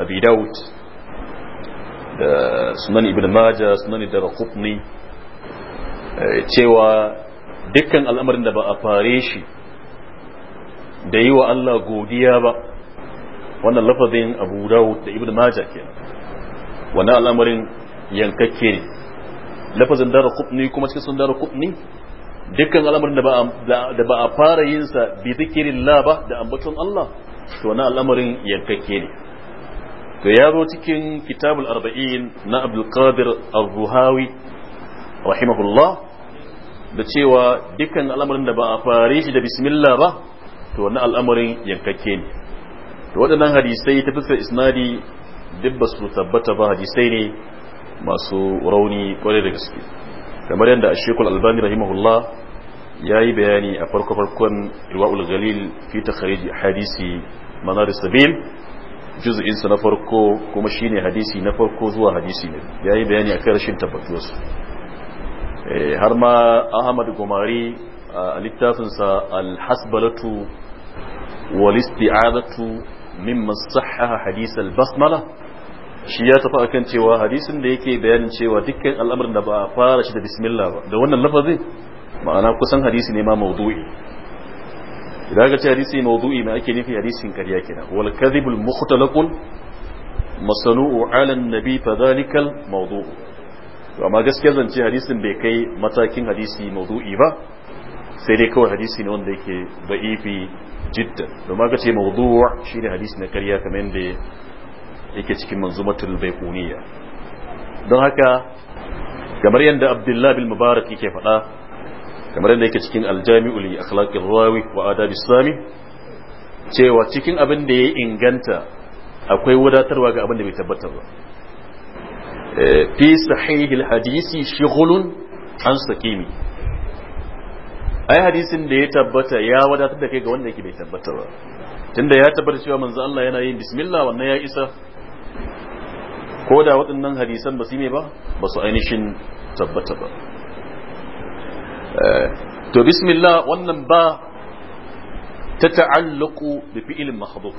abi dawud da sunani ibn majah sunan darqutni cewa dukkan al'amarin da ba a fare shi da yi wa Allah godiya ba wannan lafazin abu dawud da ibn maja ke wani al'amarin yankakke ne lafazin dara kubni kuma cikin sun dara kubni dukkan al'amarin da ba a fara yinsa bi zikirin la ba da ambaton Allah to wani al'amarin yankakke ne to ya zo cikin kitabul arba'in na abdulkadir al-ruhawi rahimahullah da cewa dukkan al'amarin da ba a fare shi da bismillah ba to wani al'amarin yankakke ne to waɗannan hadisai ta fuskar isnadi duk ba su tabbata ba hadisai ne masu rauni kwarai da gaske kamar yadda a shekul albani rahimahullah ya yi bayani a farko-farkon irwa'ul galil fi ta hadisi manar sabil juz'insa na farko kuma shine hadisi na farko zuwa hadisi ne ya yi bayani a kai rashin tabbatuwarsu Eh, har ma ahmad gomari a littafinsa alhasbalatu walisti'adatu mimman sahaha hadis basmala shi ya tafi akan cewa hadisin da yake bayanin cewa dukkan al'amarin da ba a fara shi da bismillah ba da wannan lafazin ma'ana kusan hadisi ne ma maudu'i idan ka ce hadisi maudu'i ma ake nufi hadisin ƙarya kenan wal kadhibul mukhtalaqul masanu'u 'ala an-nabi fa maudu'u. amma gaskiyar zance hadisin bai kai matakin hadisi maudu'i ba sai dai kawai hadisi ne wanda yake da'ifi jiddan domin ka ce shi shine hadisi na karya kamar yadda yake cikin manzumatul baiquniya don haka kamar yadda abdullah bin mubarak yake faɗa kamar yadda yake cikin aljami'u li akhlaqir rawi wa adab islami cewa cikin abin da ya inganta akwai wadatarwa ga abin da bai tabbatar ba fi sahihil hadisi shighulun an ai hadisin da ya tabbata ya wadatar da kai ga wanda yake bai tabbata ba tunda ya tabbata cewa manzo Allah yana yin bismillah wannan ya isa ko da waɗannan hadisan ba su ne ba ba su ainihin tabbata ba to bismillah wannan ba ta ta'allaku da fi'ilin mahdhuf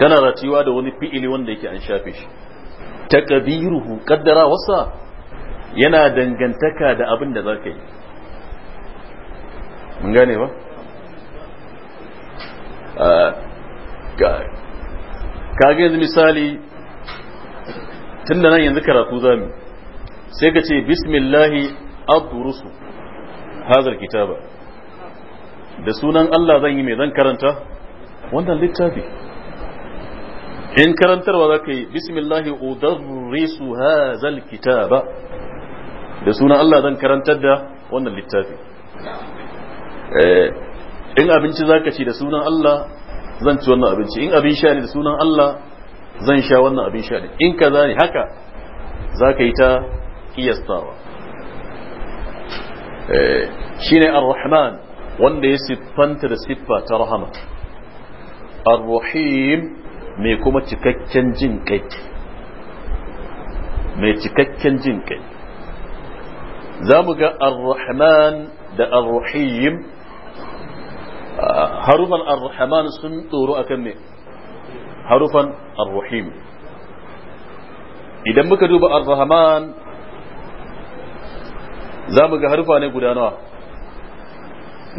tana ratiwa da wani fi'ili wanda yake an shafe shi taqdiruhu qaddara wasa yana dangantaka da abin da zaka yi mun gane ba kage yanzu misali tun da nan yanzu karatu zamu sai ka ce bismillahi abdurusu hazar kitaba da sunan Allah zan yi mai zan karanta wannan littafi in karantarwa za ka yi bismillahi udarrisu hazal kitaba da sunan Allah zan karantar da wannan littafi eh, in abinci za ka ci da sunan Allah zan ci wannan abinci in abin sha ne da sunan Allah zan sha wannan abin sha ne in kaza ne haka za ka yi ta kiyastawa eh, shine ar-rahman wanda ya siffanta da siffa ta rahama ar-rahim mai kuma cikakken jin kai mai cikakken jin kai za mu ga ar-rahman da ar-rahim ah, harufan ar-rahman sun tsoro akan ne harufan ar-rahim idan muka duba ar-rahman za mu ga harufa ne guda nawa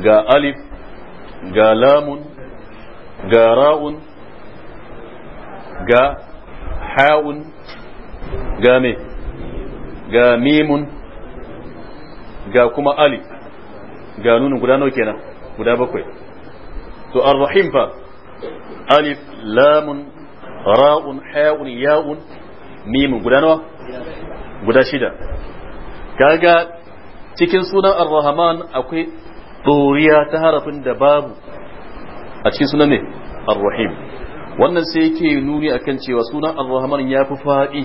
ga alif ga lamun ga ra'un ga ha'un ga me ga mimun ga kuma Ali ga nunin guda nawa kenan guda bakwai to ar-rahim fa alif lamun ra'un ha'un ya'un mimun guda nawa guda shida kaga cikin sunan ar-rahman akwai doriya ta harafin da babu a cikin sunan ne ar-rahim wannan sai yake nuni akan cewa sunan ar-rahman ya fi faɗi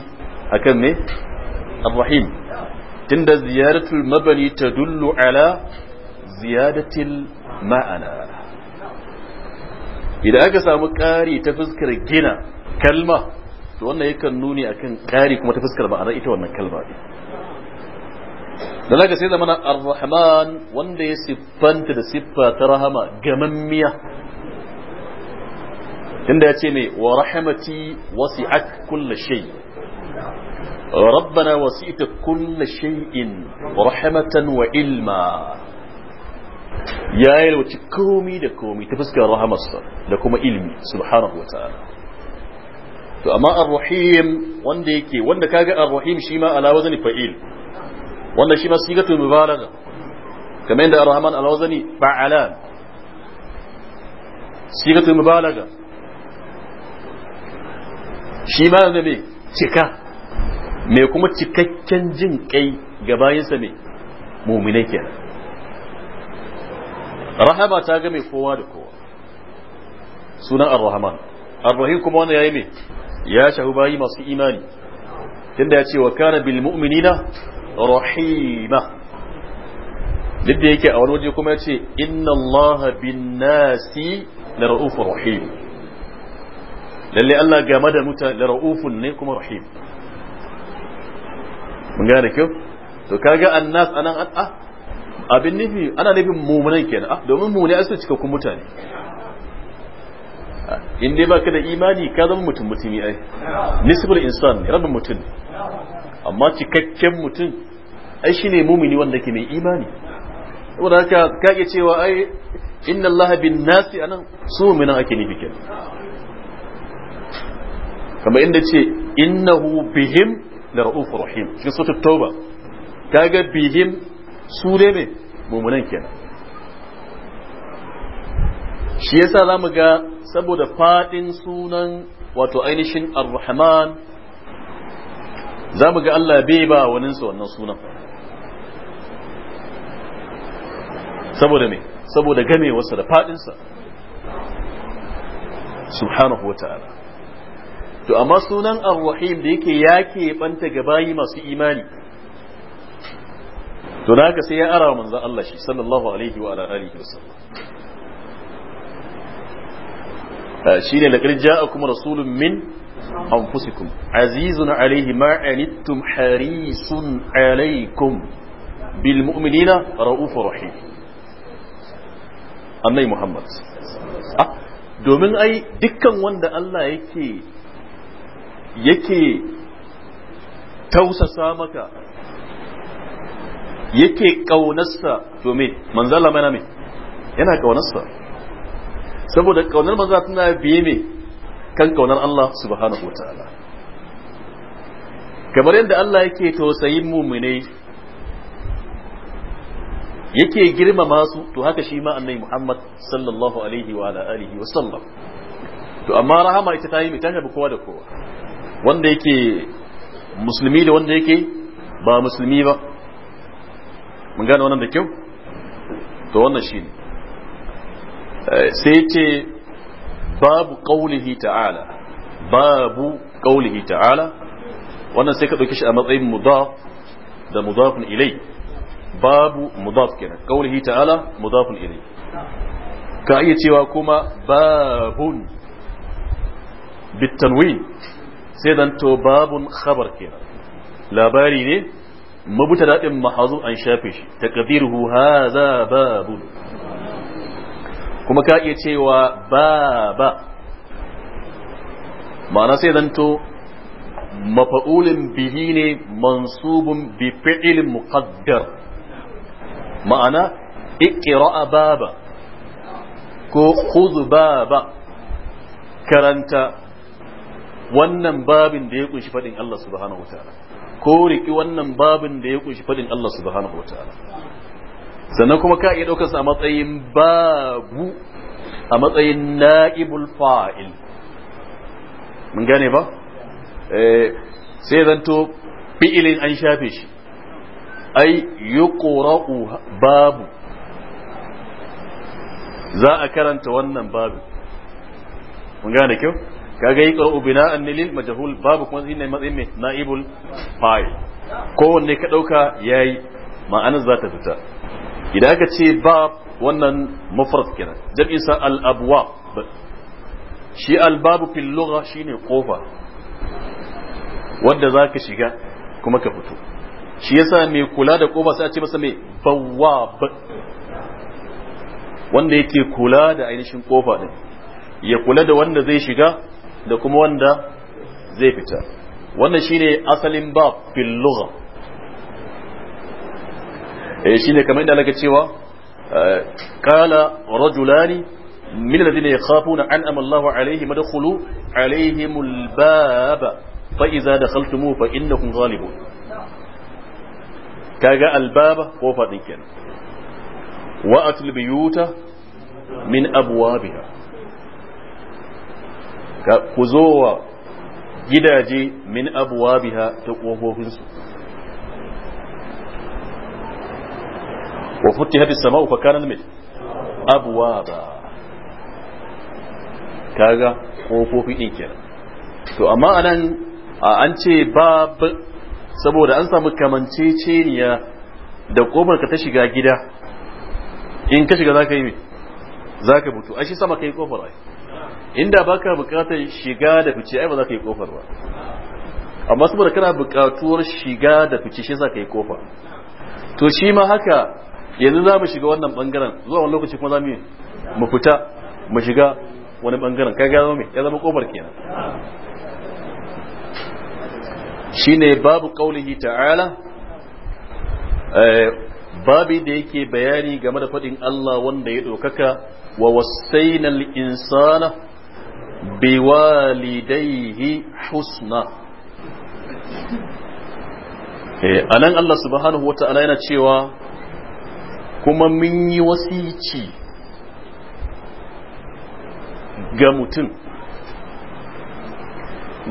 akan me ar-rahim tunda ziyaratul mabani tadullu ala ziyadatil ma'ana idan aka samu kari ta fuskar gina kalma to wannan yakan nuni akan kari kuma ta fuskar ma'ana ita wannan kalma ne don haka sai zamana ar-rahman wanda ya siffanta da siffa ta rahama gamammiya tunda ya ce mai wa rahmati wasi'at kulli shay rabbana wasi'ta kulli shay'in rahmatan wa ilma ya yalwaci komi da komi ta fuskar rahamarsa da kuma ilmi subhanahu wa ta'ala to amma ar-rahim wanda yake wanda kaga ar-rahim shi ma ala wazni fa'il wanda shi ma sigatu mubalagha kamar inda ar-rahman ala wazni fa'alan sigatu mubalagha shi ma da mai cika mai kuma cikakken jin kai ga bayansa mai muminai rahama ta ga mai kowa da kowa Suna ar-rahman ar-rahim kuma wanda yayi mai ya shahu bayi masu imani tunda ya ce wa kana bil mu'minina rahima duk da yake a wani waje kuma ya ce inna allaha bin nasi la ra'ufur rahim lalle Allah game da mutane da ra'ufun ne kuma rahim mun gane kyau to kaga annas anan an a ah, abin nufi ana nufin mumunan kenan ah domin mumune ai su cikakkun mutane ah, in dai baka da imani ka zama mutum mutumi ai nisbul insan ne rabin mutum amma cikakken mutum ai shine mumini wanda ke mai imani saboda haka ka iya cewa ai inna allaha bin nasi anan su mu'minan ake nufi kenan kamar inda ce innahu bihim la ra'uf rahim cikin suratul tauba kaga bihim su ne ne mummunan kenan shi yasa mu ga saboda faɗin sunan wato ainihin ar-rahman za mu ga Allah bai ba wani sa wannan sunan saboda me saboda game wasu da fadinsa subhanahu wa ta'ala to amma sunan ar-rahim da yake ya keɓanta ga bayi masu imani to da haka sai ya ara manzon Allah shi sallallahu alaihi wa alihi wasallam shine laqad ja'akum rasulun min anfusikum azizun alaihi ma anittum harisun alaikum bil mu'minina raufur rahim annai muhammad ah, domin ai dukkan wanda Allah yake yake tausasa maka yake kaunarsa to me manzala mana me yana kaunarsa saboda kaunar manzala tana biye me kan kaunar Allah subhanahu wa ta'ala kamar yadda Allah yake tausayin mumune yake girmama su to haka shi ma annabi Muhammad sallallahu alaihi wa alihi wa sallam to amma rahama ita ta yi ta kowa da kowa wanda yake musulmi da wanda yake ba musulmi ba mun gane wannan da kyau to wannan shi ne eh, sai ce babu ƙaulihi ta'ala babu ƙaulihi ta'ala wannan sai ka ɗauki shi a matsayin mudaf da mudafin ilai babu mudaf kenan ƙaulihi ta'ala mudafin ilai ka iya cewa kuma babun bitanwin sai dan to babun khabar kenan labari ne mabuta daɗin mahazu an shafe shi taqdiruhu hadha kuma ka iya cewa baba ma'ana sai dan to mafa'ulin bihi ne mansubun bi fi'il muqaddar ma'ana iqra baba ko khudh baba karanta wannan babin da ya kunshi faɗin Allah subhanahu wataala ko riki wannan babin da ya kunshi faɗin Allah subhanahu wataala sannan kuma ka iya daukar a matsayin babu a matsayin na'ibul fa'il mun gane ba eh, sai zanto fi'ilin an shafe shi ai yuqra'u babu za a karanta wannan babu mun gane kyau kaga yi qara'u bina'an lil majhul babu kuma shine matsayin mai naibul fa'il kowanne ka dauka yayi ma'anar za ta fita idan aka ce bab wannan mufrad kenan jam'in sa al abwab shi al babu fil lugha shine kofa wanda zaka shiga kuma ka fito shi yasa mai kula da kofa sai a ce masa mai bawwab wanda yake kula da ainihin kofa din ya kula da wanda zai shiga da kuma wanda zai fita wannan shine asalin bab fil lugha eh shine kamar da nake cewa kala eh, rajulani min alladhina yakhafuna an'ama Allahu alaihim madkhulu alaihim albab fa idza dakhaltumuhu fa innakum ghalibun kaga albaba ko fadin kenan wa atul biyuta min abwabiha ku zo wa gidaje min abuwa biha ta ƙofofinsu wa futti hafi sama ufa kanan mai abuwa ba kaga ƙofofi ɗin kenan to amma anan an ce ba saboda an samu kamanceceniya da ƙofar ka ta shiga gida in ka shiga za ka yi mai za ka butu a shi sama ka yi ƙofar ai inda baka bukatar shiga da fice ai ba za ka yi kofar ba amma saboda kana bukatuwar shiga da fice shi za ka yi kofa to shi ma haka yanzu za mu shiga wannan bangaren zuwa wani lokaci kuma za mu mu fita mu shiga wani bangaren kai gano mai, ya zama kofar kenan ne babu kaulihi ta'ala eh, babi da yake bayani game da faɗin Allah wanda ya ɗaukaka wa wasainal insana biwalidaihi husna eh, a nan Allah subhanahu wa ta'ala yana cewa kuma mun yi wasici ga mutum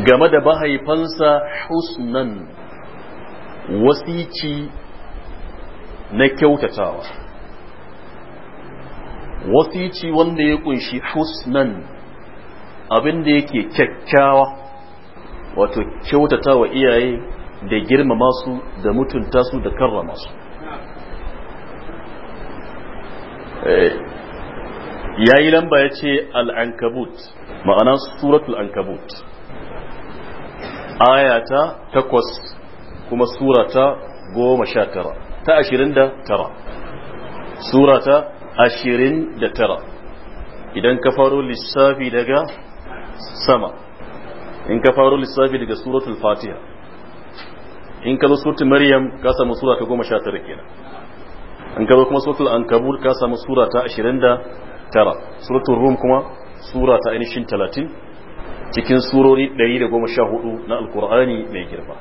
game da mahaifansa husnan wasici na kyautatawa wasici wanda ya kunshi husnan abin da yake kyakkyawa wato kyautata wa iyaye da girmama su da mutunta su da karrama su eh, ya yi lamba ya ce al'ankabut ma'ana suratul ankabut ayata takwas kuma surata goma sha tara ta ashirin da tara surata ashirin da tara idan ka faro lissafi daga sama in ka faro lissafi daga suratul fatiha in ka zo suratul maryam ka samu sura ta goma sha tara kenan in ka zo kuma suratul ankabut ka samu sura ta ashirin da tara suratul rum kuma sura ta ainihin talatin cikin surori ɗari da goma sha hudu na alkur'ani mai girma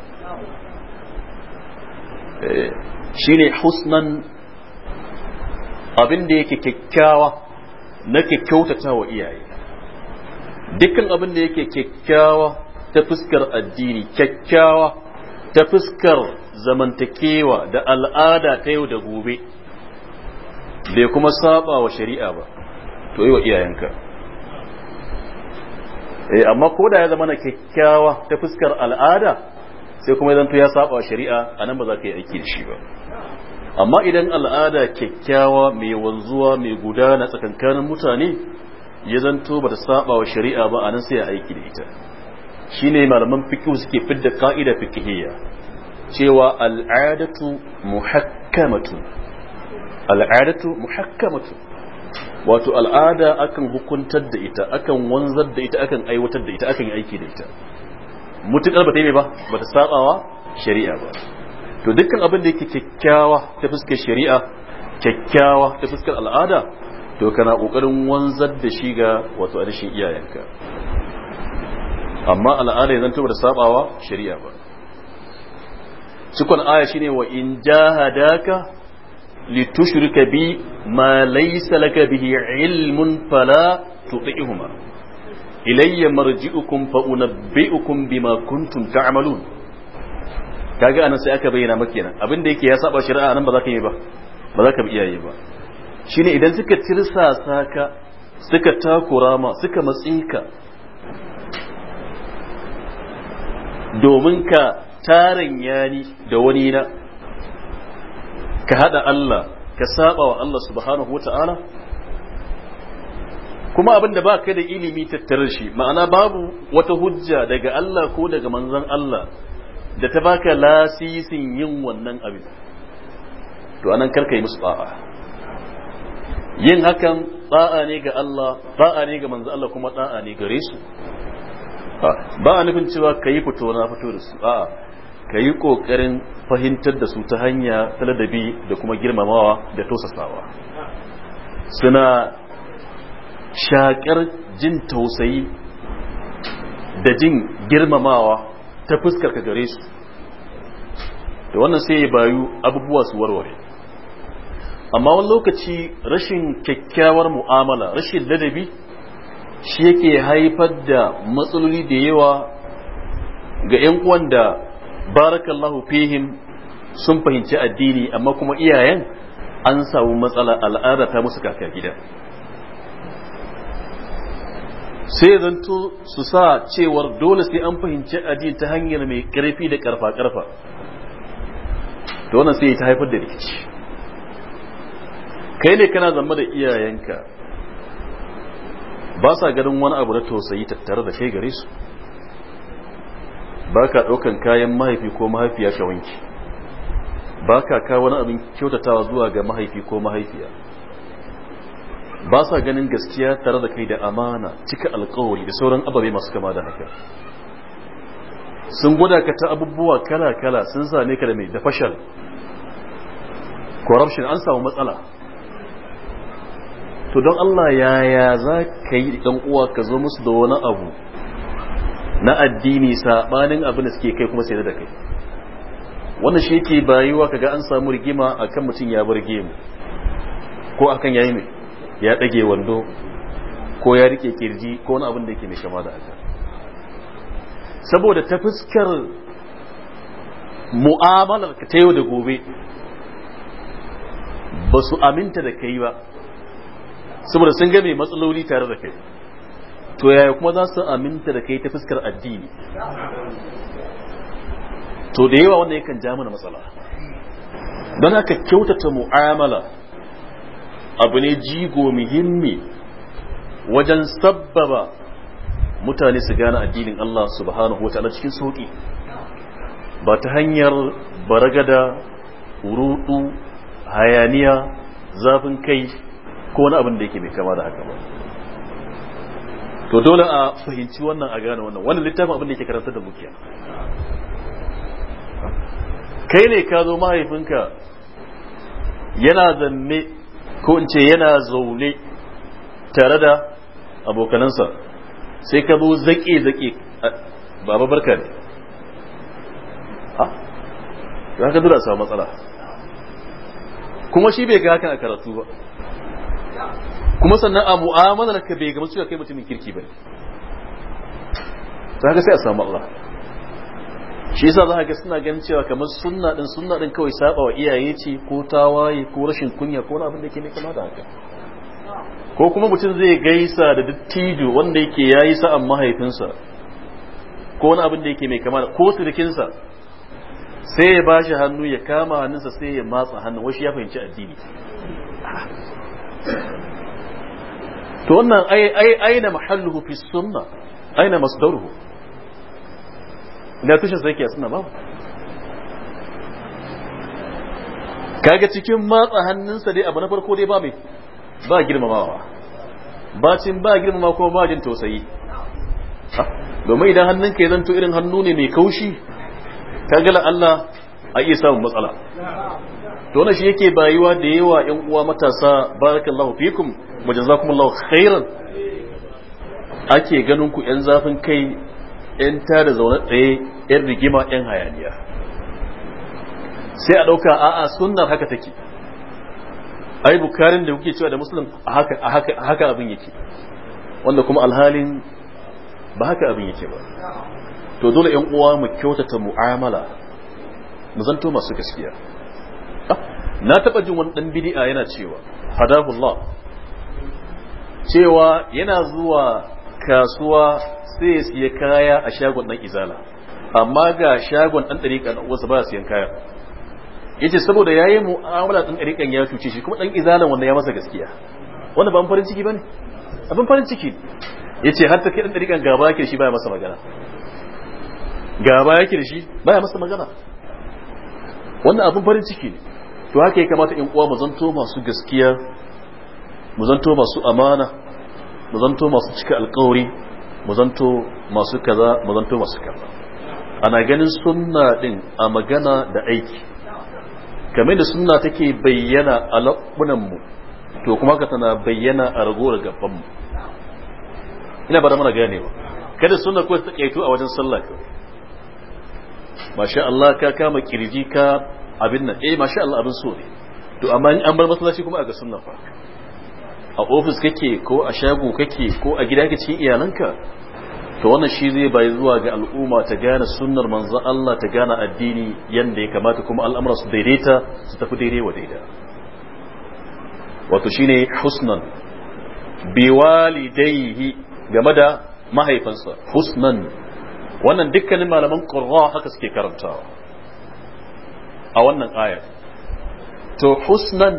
eh, Shi ne husnan abin da yake kyakkyawa na kyakkyautata wa iyaye dukkan abin da yake kyakkyawa ta fuskar addini kyakkyawa ta fuskar zamantakewa da al'ada ta yau da gobe bai kuma saba wa shari'a ba to yi wa iyayenka eh amma ko da ya zama na kyakkyawa ta fuskar al'ada sai kuma idan to ya saba wa shari'a anan ba za ka yi aiki da shi ba amma idan al'ada kyakkyawa mai wanzuwa mai gudana tsakankanin mutane ya zanto ba ta saba wa shari'a ba a nan sai a aiki da ita Shi ne malaman fiqh suke fidda ka'ida fiqhiyya cewa al'adatu muhakkamatu al'adatu muhakkamatu wato al'ada akan hukuntar da ita akan wanzar da ita akan aiwatar da ita akan yi aiki da ita mutukar ba ta yi ba ba ta wa shari'a ba to dukkan abin da yake kyakkyawa ta fuskar shari'a kyakkyawa ta fuskar al'ada to kana kokarin wanzar da shi ga wato anishin iyayenka amma al'ada yanzu zanto da sabawa shari'a ba cikon aya shine wa in jahadaka litushrika bi ma laysa laka bihi ilmun fala tuṭihuma ilayya marji'ukum fa unabbi'ukum bima kuntum ta'malun kaga anan sai aka bayyana maka kenan abinda yake ya saba shari'a nan ba za ka yi ba ba za ka bi iyaye ba shine idan suka tirsasa ka suka takura ma suka matsi domin ka tarin yani da wani na ka hada Allah ka saba wa Allah subhanahu wata'ala kuma abin da ba ka da ilimi tattare shi ma'ana babu wata hujja daga Allah ko daga manzan Allah da ta baka lasisin yin wannan abin to anan karka yi musu ba'a yin hakan ba'a ne ga Allah ne ga manzo Allah kuma da'a ne gare su ba a nufin cewa ka yi fito na fito da su a'a ka yi ƙoƙarin fahimtar da su ta hanya ta ladabi da kuma girmamawa da tausasawa suna shakar jin tausayi da jin girmamawa ta fuskar ka gare su da wannan sai ya bayu abubuwa su warware amma wani lokaci rashin kyakkyawar mu'amala rashin ladabi shi yake haifar da matsaloli da yawa ga 'yan uwan da barakallahu fihim sun fahimci addini amma kuma iyayen an samu matsala al'ada ta musu kafiya gida sai zanto su sa cewar dole sai an fahimci addini ta hanyar mai karfi da karfa-karfa to wannan sai ta haifar da rikici kai ne kana zama da iyayenka ba sa ganin wani abu na tausayi tattare da kai gare su ba ka ɗaukan kayan mahaifi ko mahaifiya ka wanki ba ka kawo wani abin kyautatawa zuwa ga mahaifi ko mahaifiya ba sa ganin gaskiya tare da kai da amana cika alkawari da sauran ababe masu kama da haka sun gwada ka ta abubuwa kala-kala sun zane ka da mai da fashal corruption an samu matsala to don Allah ya ya za ka yi ɗan uwa ka zo musu da wani abu na addini saɓanin abin da suke kai kuma sai da kai wannan shi yake bayuwa ga an samu rigima akan mutum ya bar gemu ko akan yayi mai ya ɗage wando ko ya rike kirji ko wani abin da yake mai shama da aka saboda ta fuskar mu'amalar ka ta yau da gobe ba su aminta da kai ba saboda sun ga mai matsaloli tare da kai to yaya kuma za su aminta da kai ta fuskar addini to da yawa wanda yakan ja mana matsala don haka kyautata mu'amala abu ne jigo muhimmi wajen sabbaba mutane su gane addinin Allah subhanahu wa ta'ala cikin sauki ba ta hanyar baragada rudu hayaniya zafin kai ko wani abin da yake mai kama da haka ba to dole a fahimci wannan a gane wannan wannan littafin abin da yake karanta da mukiya kai ne ka zo mahaifinka yana zanne ko in ce yana zaune tare da abokanansa sai ka zo zaƙe-zaƙe baba barka ne za ka dura samu matsala kuma shi bai ga hakan a karatu ba kuma sannan a mu'amalar ka bai gamsu kai mutumin kirki ne. Ta haka sai a samu Allah shi yasa za ka suna ganin cewa kamar sunna din sunna din kawai saba wa iyaye ce ko tawaye ko rashin kunya ko wani abin da ke ne kamar da haka ko kuma mutum zai gaisa da dattijo wanda yake yayi sa'an mahaifinsa ko wani abin da yake mai kama da ko sirikinsa sai ya bashi hannu ya kama hannunsa sai ya matsa hannu wasu ya fahimci addini to wannan aina mahalluhu fi sunna aina masdaruhu ina tushen sai ke sunna ba kaga cikin matsa hannunsa dai abu na farko dai ba mai ba girmamawa bacin ba girmama ko ba jin tausayi domin idan ka ya zanto irin hannu ne mai kaushi kaga la Allah a iya samun matsala to wannan shi yake bayuwa da yawa yan uwa matasa barakallahu fikum majazakumullahu khairan ake ganin ku yan zafin kai yan tare zaune tsaye yan rigima yan hayaniya sai a dauka a'a sunnar haka take ai bukarin da kuke cewa da a haka haka haka abin yake wanda kuma alhalin ba haka abin yake ba to dole yan uwa mu kyautata mu'amala mu zanto masu gaskiya Ah, na taba jin wani dan bid'a yana cewa hadahullah cewa yana zuwa kasuwa sai ya siya kaya a shagon dan izala amma ga shagon dan na wasu ba siyan kaya yace saboda yayi mu'amala dan dariƙan ya cuce shi kuma dan izalan wanda ya masa gaskiya wanda ban farin ciki bane abin farin ciki yace har ta kai dan dariƙan gaba yake shi baya masa magana gaba yake da shi baya masa magana wannan abin farin ciki ne to haka ya kamata in uwa mu zanto masu gaskiya mu zanto masu amana mu zanto masu cika alkawari mu zanto masu kaza mu zanto masu kaza ana ganin sunna din a magana da aiki kamar da sunna take bayyana a labbunan mu to kuma ka tana bayyana a ragowar gaban mu ina ba da mana ganewa kada sunna ko ta kaito a wajen sallah kawai masha Allah ka kama kirji ka abin nan eh masha Allah abin so ne to amma an bar masallaci kuma a ga sunna fa a ofis kake ko a shago kake ko a gida kake cikin iyalanka to wannan shi zai bai zuwa ga al'umma ta gane sunnar manzon Allah ta gane addini yanda ya kamata kuma al'amura su daidaita su tafi daidai wa daidai. wato shine husnan biwalidaihi game da mahaifansa husnan wannan dukkanin malaman qurra haka suke karantawa a wannan ayar to husnan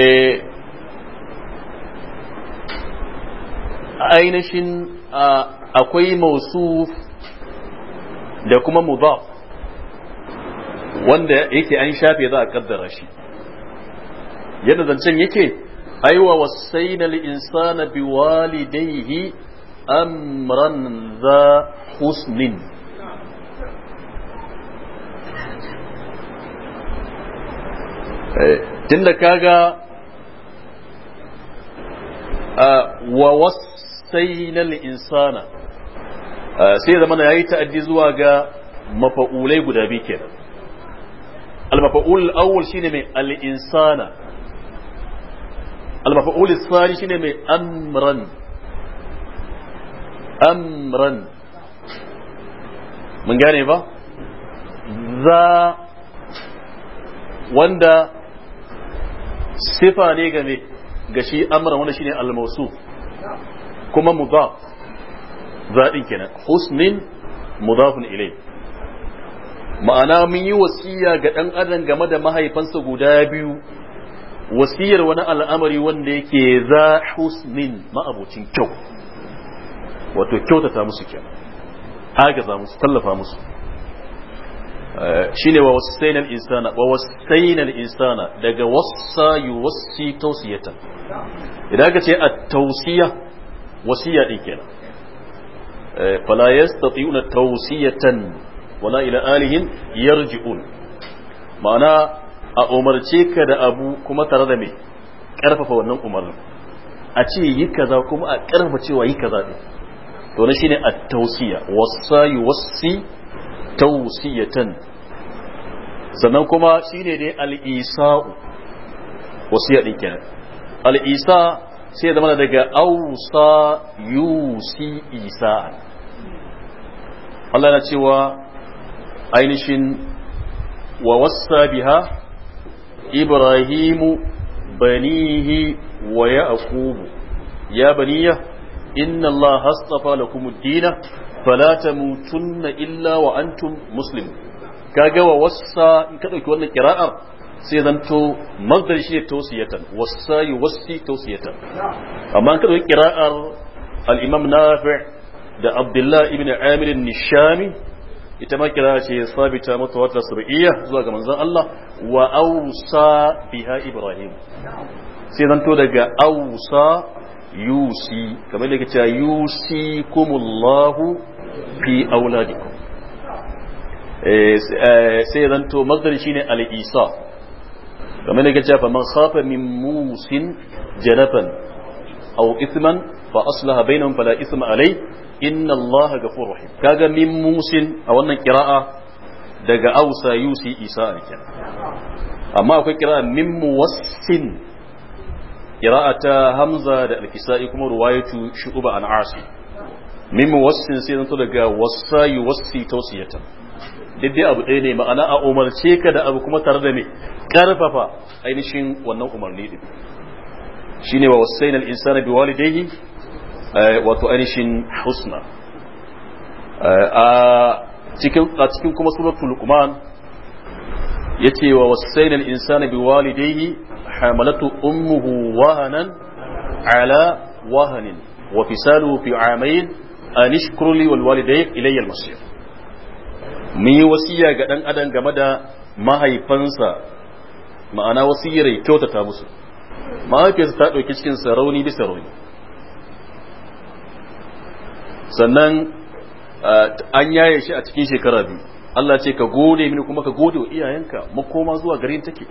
eh, ainihin akwai mausuf da kuma mudaf wanda yake an shafe za a kaddara shi yadda zancen yake aiwa wasaina insana biwalidaihi amran za husnin Eh, tunda kaga wa wasaina insana sai zamana yayi ta'addi zuwa ga mafa'ulai guda bi kenan al-mafa'ul awwal shine mai al-insana al-mafa'ul ath-thani shine mai amran amran mun gane ba za wanda sifa ne game ga shi amra wanda shine al-mawsuf kuma mudaf zaɗin kenan husnin mudafun ilai ma'ana mun yi wasiya ga ɗan adam game da mahaifansa guda biyu wasiyar wani al'amari wanda yake za husnin ma'abocin kyau wato kyautata musu kyau agaza musu tallafa musu Eh, shine wa wasainal insana wa wasainal insana daga wassa wasi tawsiyatan idan ka ce at-tawsiya wasiya din kenan eh, fala yastati'una tawsiyatan wala ila alihin yarji'un ma'ana a umarce ka da abu kuma tare da me karfafa wannan umarnin a ce yi kaza kuma a karfafa cewa yi kaza din to ne shine at-tawsiya wassa yuwassi tausiyatan sannan kuma shine dai al-isa'u wasiya ɗin kenan al sai zama daga ausa yusi isa Allah na cewa ainihin wa wassa biha ibrahimu banihi wa yaqubu ya baniya inna Allah hastafa lakum dina fala mutunna illa wa antum muslim kaga wa wasa in ka dauki wannan qira'ar sai zanto mazdar shi tausiyatan wassa yuwassi tausiyatan amma in ka dauki qira'ar al-imam nafi' da abdullah ibn amir nishami ita ma kira ce sabita mata wata sab'iyya zuwa ga manzon Allah wa awsa biha ibrahim sai zanto daga awsa yusi kamar da ke cewa yusi kumullahu fi auladikum eh, eh, sai zanto mazdar shine al-isa kamar da ke cewa fa man min musin janafan aw ithman fa aslaha bainahum fala isma alai inna allaha ghafurur rahim kaga min musin a wannan kira'a. daga ausa yusi isa alkin amma akwai kira'a min muwassin ta hamza da al kuma ruwayatu shu'ba an asim min muwassin sai zanto daga wassa yuwassi tawsiyatan dai abu ɗaya ne ma'ana a umarce ka da abu kuma tare da me karfafa ainihin wannan umarni din wato ainihin husna a cikin kuma cikin kuma Ya ce wa wa wasaina al-insana biwalidayhi hamalatu ummuhu wahanan ala wahanin wa fisaluhu fi amayn an ishkuru li wal walidayk ilayya al masir ga dan adam game da mahaifansa ma'ana wasiyar ya ta musu mahaifiyarsa ta ɗauki cikin sarauni bisa sarauni. sannan an yaye shi a cikin shekara biyu Allah ce ka gode mini kuma ka gode wa iyayenka makoma zuwa garin take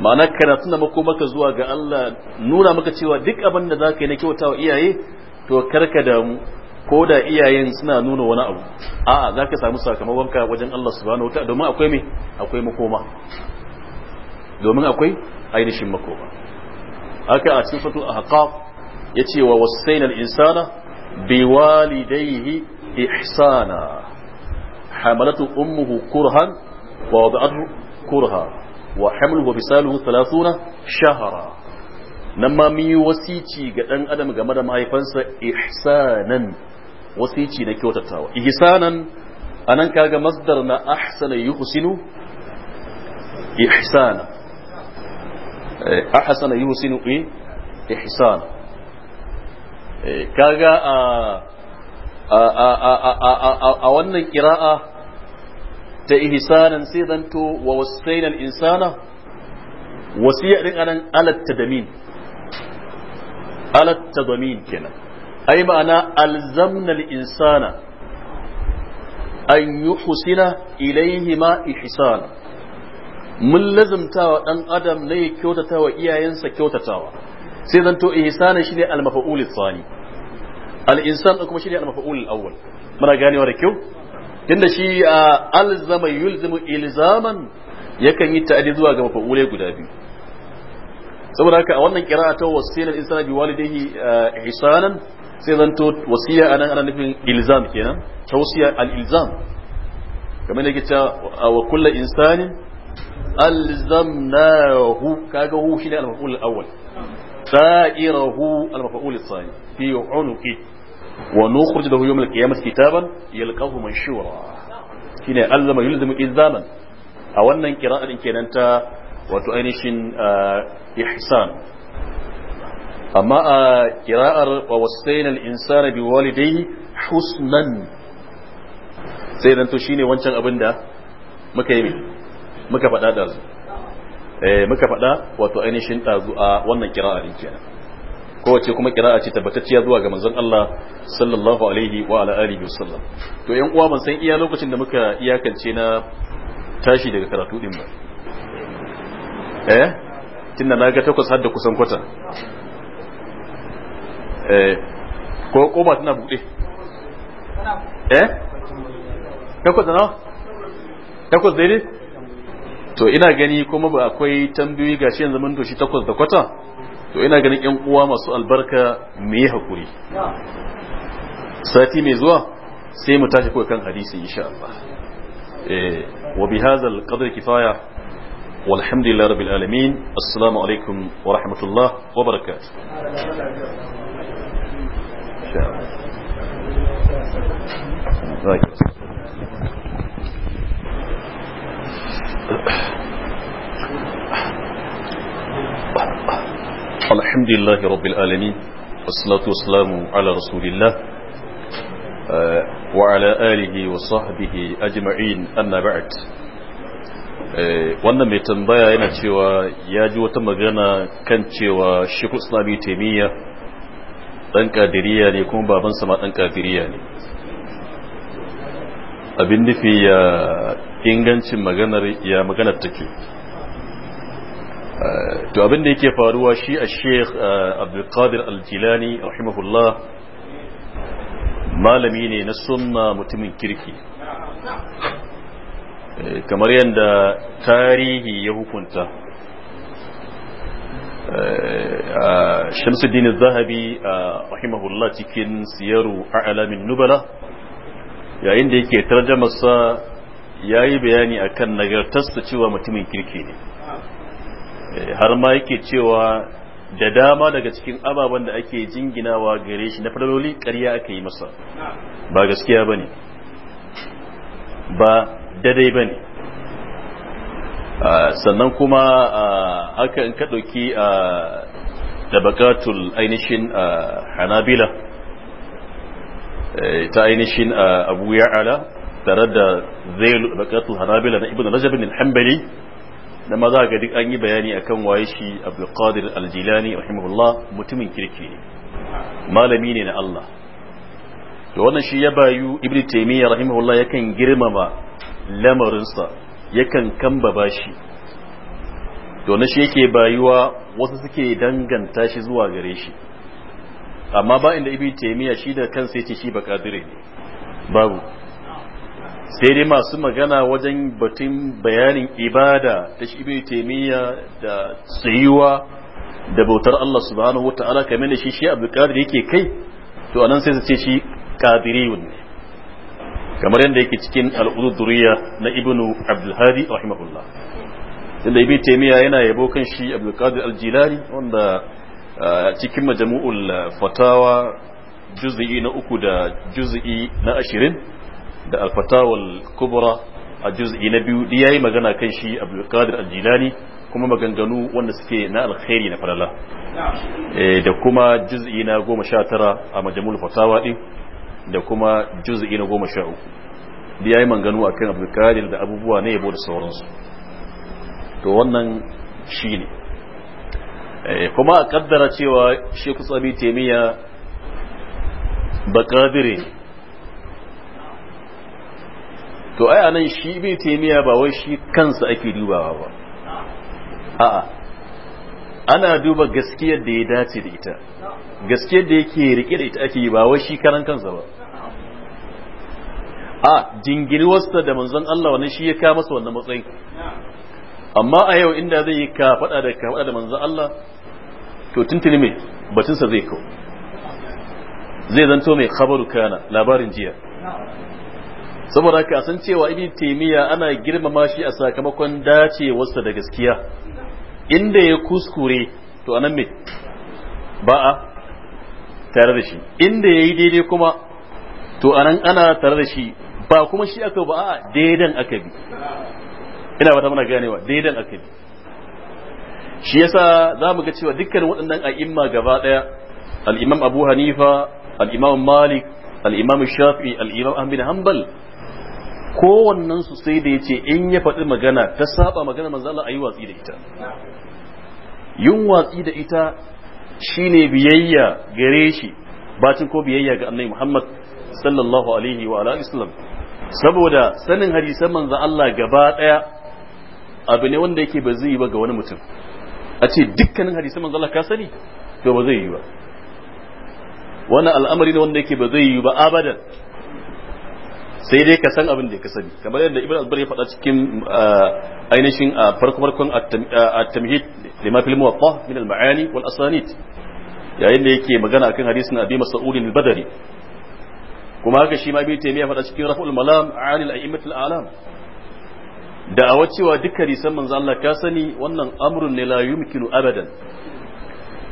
ma'ana karatu na mako maka zuwa ga Allah nuna maka cewa duk abin da zaka yi na kyauta wa iyaye to karka damu ko da iyayen suna nuna wani abu a'a zaka samu sakamakon ka wajen Allah subhanahu wataala domin akwai me akwai makoma domin akwai ainihin makoma haka a cikin haƙa, ya yace wa wasaina al-insana biwalidayhi ihsana hamalatu ummuhu kurhan wa wadatu kurha wa hamluhu wa fisaluhu 30 shahara nan ma mun yi wasici ga dan adam ga da mahaifansa ihsanan wasici na kyautatawa ihsanan anan kaga masdar na ahsana yuhsinu ihsana eh, ahsana yuhsinu ihsana eh, kaga a a a a a wannan qira'a ta ihsanan sai zanto wa wasaina insana wasiya din anan alat tadamin alat tadamin kenan ai ma'ana alzamnal insana an yuhsina ilayhi ma ihsana mun lazumtawa dan adam na ne kyautatawa iyayensa kyautatawa sai zanto ihsana shi ne mafaul tsani al-insan kuma shi ne mafaul al-awwal muna ganewa da kyau tunda shi alzama yulzimu ilzaman yakan yi ta'adi zuwa ga mafa'ulai guda biyu saboda haka a wannan kira'a ta wasiyar insana bi walidayhi ihsanan sai zanto wasiya anan ana nufin ilzam kenan tawsiya al ilzam kamar yake cewa wa kullu insanin alzamnahu kaga hu shine al maf'ul al awwal sa'irahu al maf'ul al thani fi unqi wa nukhrij lahu yawm al-qiyamah kitaban yalqahu manshura shine allama yulzimu izaman a wannan qira'a din kenan ta wato ainihin ihsan amma a qira'ar wa wasayna al-insana bi walidayhi husnan sai dan to shine wancan abinda da muka yi muka faɗa da su muka faɗa wato ainihin ɗazu a wannan kira'a din kenan kowace kuma kira'a ce tabbatacciya zuwa ga manzon Allah sallallahu alaihi wa ala alihi wasallam to yan uwa ban san iya lokacin da muka iyakance na tashi daga karatu din ba eh tunda na ga takwas hadda kusan kwata eh ko ba tana buɗe eh takwas da nawa takwas daidai to ina gani kuma ba akwai tambayoyi gashi yanzu mun shi takwas da kwata to ina ganin ƴan uwa masu albarka me yi hakuri sati mai zuwa sai mu tashi kawai kan hadisi insha Allah eh wa bi hadha al-qadr kifaya والحمد لله رب العالمين السلام عليكم ورحمة الله وبركاته Right. الحمد لله رب العالمين والصلاة والسلام على رسول الله وعلى آله وصحبه أجمعين أما بعد wannan mai tambaya yana cewa ya ji wata magana kan cewa shekul islami taimiyya ɗan ƙadiriya ne kuma babansa ma ɗan ƙadiriya ne abin nufi ya ingancin maganar ya maganar take to abin da yake faruwa shi a sheikh eh, abdulkadir aljilani rahimahullah malami ne na sunna mutumin kirki eh, kamar yadda tarihi ya hukunta eh, shamsuddin zahabi rahimahullah cikin siyaru a alamin nubala yayin da yake tarjamasa ya yi bayani akan nagartarsa cewa mutumin kirki ne har ma yake cewa da dama daga cikin ababen da ake jinginawa gare shi na fadaloli ƙarya aka yi masa ba gaskiya ba ne ba daidai ba ne sannan kuma haka in ka ɗauki da bakatul ainihin hanabila eh, ta ainihin abu ya'ala tare da zai bakatul hanabila na ibn rajabin al-hambali da ma za ga duk an yi bayani akan waye shi Abdul Qadir Al-Jilani rahimahullah mutumin kirki ne malami ne na Allah to wannan shi ya bayu Ibn Taymiyyah rahimahullah yakan girmama lamarinsa yakan kambaba shi to na shi yake bayuwa wasu suke danganta shi zuwa gare shi amma ba inda Ibn Taymiyyah shi da kansa yace shi ba kadire ne babu sai dai masu magana wajen batun bayanin ibada ta shi ibn taymiya da tsayuwa da bautar Allah subhanahu wata'ala kamar da shi shi Abdul Qadir yake kai to anan sai su ce shi qadiriyun ne kamar yadda yake cikin al na ibnu Abdul Hadi rahimahullah inda ibn taymiya yana yabo kan shi Abdul Qadir al wanda cikin majmu'ul fatawa juz'i na uku da juz'i na ashirin da alfatawal kubra a juz'i na biyu da yayi magana kan shi abdulkadir aljilani kuma maganganu wanda suke na alkhairi na falala eh, da kuma juz'i na goma sha tara a majamul fatawa din da kuma juz'i na goma sha uku da yayi maganganu akan abdulkadir da abubuwa na yabo da sauransu to wannan shi shine eh, kuma a kaddara cewa shi kusabi temiya bakadire to ai anan shi bai taimiya ba wai shi kansa ake dubawa ba a'a ana duba gaskiyar da ya dace da ita gaskiyar da yake rike da ita ake yi ba wai shi karan kansa ba a jingirwarsa da manzon Allah wannan shi ya kawo masa wannan matsayi amma a yau inda zai yi ka faɗa da ka faɗa da manzon Allah to tuntuni me batunsa zai kawo zai zanto mai khabaru kana labarin jiya saboda haka san cewa ibn taymiya ana girmama shi a sakamakon wasa da gaskiya inda ya kuskure to anan me ba a tare da shi inda ya yi daidai kuma to anan ana tare da shi ba kuma shi aka ba a daidan aka bi ina bata muna ganewa daidan aka bi shi yasa za mu ga cewa dukkan waɗannan imma gaba ɗaya al-imam abu hanifa al-imam malik al-imam shafi'i al-imam ahmad hanbal kowannen su sai da ya ce in ya faɗi magana ta saba magana manzo Allah yi watsi da ita yin watsi da ita shine biyayya gare shi bacin ko biyayya ga annai Muhammad sallallahu alaihi wa ala islam saboda sanin hadisan manzo Allah gaba ɗaya, abu ne wanda yake ba zai yi ba ga wani mutum a ce dukkanin hadisan manzo Allah ka sani to ba zai yi ba Wani al'amari ne wanda yake ba zai yi ba abadan sai dai ka san abin da ka sani kamar yadda ibn albar ya faɗa cikin ah, ainihin ah, farko farkon ah, at-tamhid lima muwatta min al-ma'ani wal asanid yayin da yake magana akan hadisin abi mas'ud al-badri kuma haka shi ma bi ya faɗa cikin raf'ul malam anil a'immat al-alam da'awar cewa duk hadisan manzo Allah ka sani wannan amrun ne la yumkinu abadan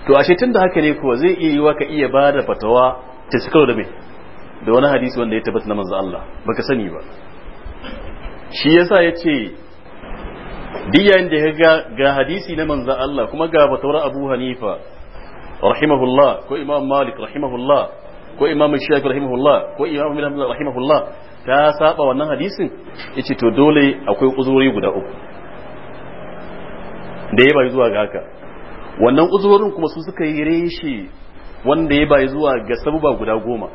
to ashe tunda haka ne kuwa zai iya yiwa ka iya bada fatawa ta cikar da mai da wani hadisi wanda ya tabbata na manzo Allah baka sani ba shi yasa yace duk yayin da ga ga hadisi na manzo Allah kuma ga batawar Abu Hanifa rahimahullah ko Imam Malik rahimahullah ko Imam Shafi rahimahullah ko Imam Ibn Hanbal rahimahullah ta saba wannan hadisin yace to dole akwai uzuri guda uku da ya bai zuwa ga haka wannan uzurorin kuma su suka yi reshe wanda ya bai zuwa ga sabuba guda goma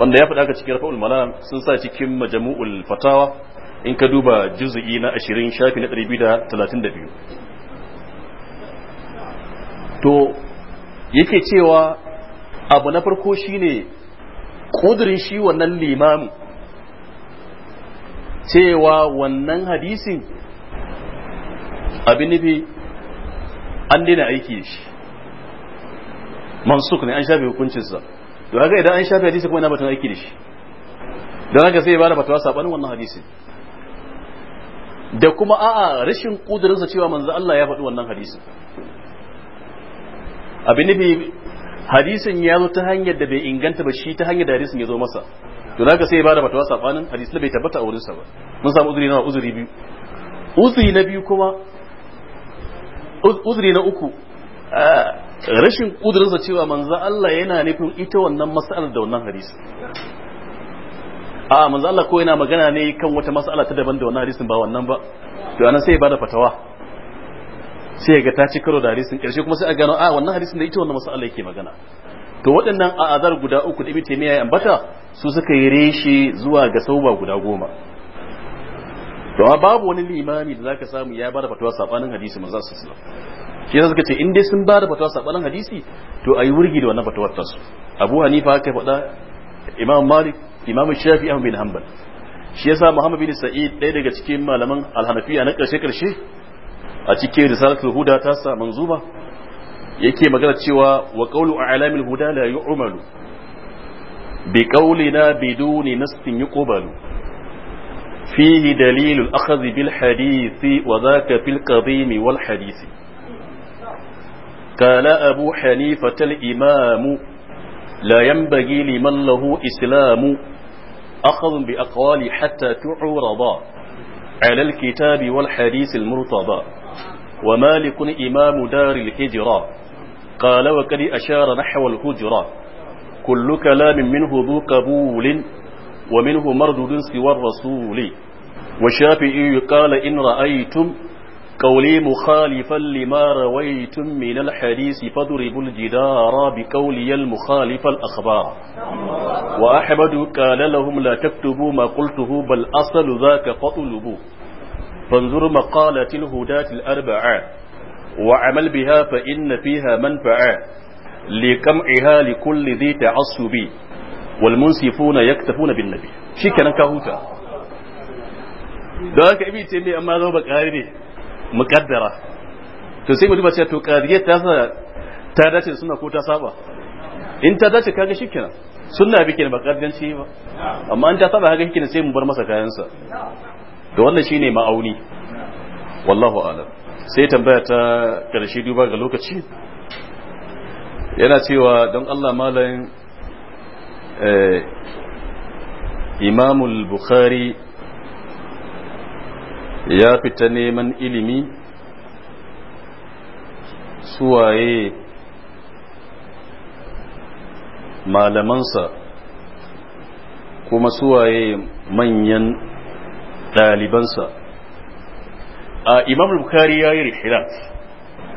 wanda ya faɗa ka cikin rafa'ul malam sun sa cikin majmu'ul fatawa in ka duba juz'i na 20 shafi na 232 to yake cewa abu na farko shine kudirin shi wannan limamin cewa wannan hadisin abin nufi an daina aiki shi mansuk ne an shafe hukuncinsa don haka idan an shafi hadisi kuma ina batun aiki da shi don haka sai ya bada fatawa sabanin wannan hadisin da kuma a'a rashin kudurinsa cewa manzo Allah ya faɗi wannan hadisin abin nufi hadisin ya zo ta hanyar da bai inganta ba shi ta hanyar da hadisin ya zo masa don haka sai ya bada fatawa sabanin hadisin bai tabbata a wurinsa ba mun samu uzuri na uzuri biyu uzuri na biyu kuma uzuri na uku eh, rashin kudurinsa cewa manzo Allah yana nufin ita wannan mas'alar da wannan hadisi a manzo Allah ko yana magana ne kan wata mas'ala ta daban da wannan hadisin ba wannan ba to anan sai ya bada fatawa sai ga ta ci karo da hadisin karshe kuma sai a gano a wannan hadisin da ita wannan mas'ala yake magana to waɗannan a azar guda uku da ibite taymiya ya ambata su suka yi reshe zuwa ga sauba guda goma to babu wani limami da zaka samu ya bada fatawa sabanin hadisi manzo sallallahu alaihi wasallam shi yasa suka ce in dai sun bada fatawa sabanin hadisi to a yi wurgi da wannan fatawar tasu Abu Hanifa aka faɗa Imam Malik Imam Shafi Ahmad bin Hanbal shi yasa Muhammad bin Sa'id ɗaya daga cikin malaman alhanafiya na karshe karshe a cikin Risalatul Huda ta sa manzuba yake magana cewa wa qawlu a'lamil huda la yu'malu bi qawlina biduni nastin yuqbalu فيه دليل الأخذ بالحديث وذاك في wal hadisi. قال أبو حنيفة الإمام لا ينبغي لمن له إسلام أخذ بأقوال حتى تعرض على الكتاب والحديث المرتضى ومالك إمام دار الهجرة قال وقد أشار نحو الهجرة كل كلام منه ذو قبول ومنه مردد سوى الرسول وشافئي قال إن رأيتم قولي مخالفا لما رويتم من الحديث فضرب الجدار بقولي المخالف الأخبار وأحمد قال لهم لا تكتبوا ما قلته بل أصل ذاك فطلبوا فانظر مقالة الهداة الأربعة وعمل بها فإن فيها منفعة لكمعها لكل ذي تعصب والمنصفون يكتفون بالنبي شكرا كهوتا ذاك ابي تيمي اما ذو بقاري mukaddara to sai mutum ce to qadiyya ta ta dace suna ko ta saba in ta dace kaga shikenan sunna bi kenan ba kaddanci ba amma an ta saba kaga shikenan sai mu bar masa kayansa to wannan shine ma'auni wallahu a'lam sai tambaya ta karshe duba ga lokaci yana cewa don Allah eh imamul bukhari ya fita neman ilimi suwaye malamansa kuma suwaye manyan ɗalibansa a imam bukari ya yi rihilat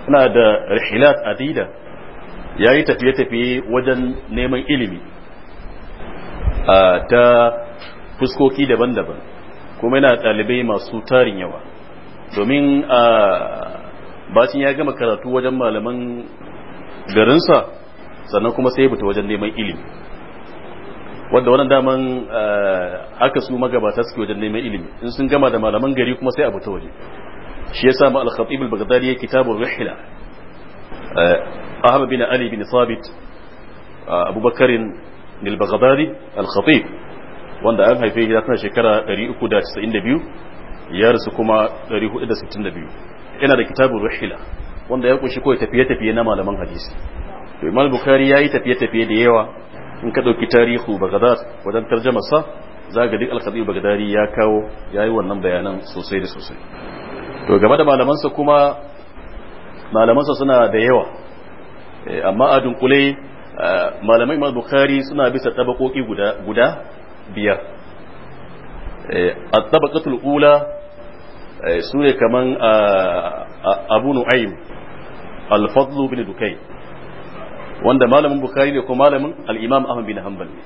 suna da rihilat adida ya yi tafiye-tafiye wajen neman ilimi ta fuskoki daban-daban kuma yana ɗalibai masu tarin yawa domin a bacin ya gama karatu wajen malaman garinsa sannan kuma sai ya fita wajen neman ilimi wanda wannan daman aka su magabata suke wajen neman ilimi in sun gama da malaman gari kuma sai a fita waje shi yasa ma al-khatib al-baghdadi ya kitabur rihla ahmad bin ali bin sabit abubakarin al-baghdadi al-khatib wanda an haife gida tana shekara 392 ya rasu kuma 462 yana da kitabun ruhila wanda ya kunshi kawai tafiye-tafiye na malaman hadisi to imam bukari ya yi tafiye-tafiye da yawa in ka ɗauki tarihu bagadad wajen tarjamasa za ga duk alkhadi bagadari ya kawo ya yi wannan bayanan sosai da sosai to game da malamansa kuma malamansa suna da yawa eh, amma a dunkule eh, malamai imam bukari suna bisa tabakoki guda biyar eh, a ula eh, su ne kaman ah, ah, abu nu'aim alfadlu bin dukai wanda malamin bukari ne ko malamin al'imam bin hanbal ne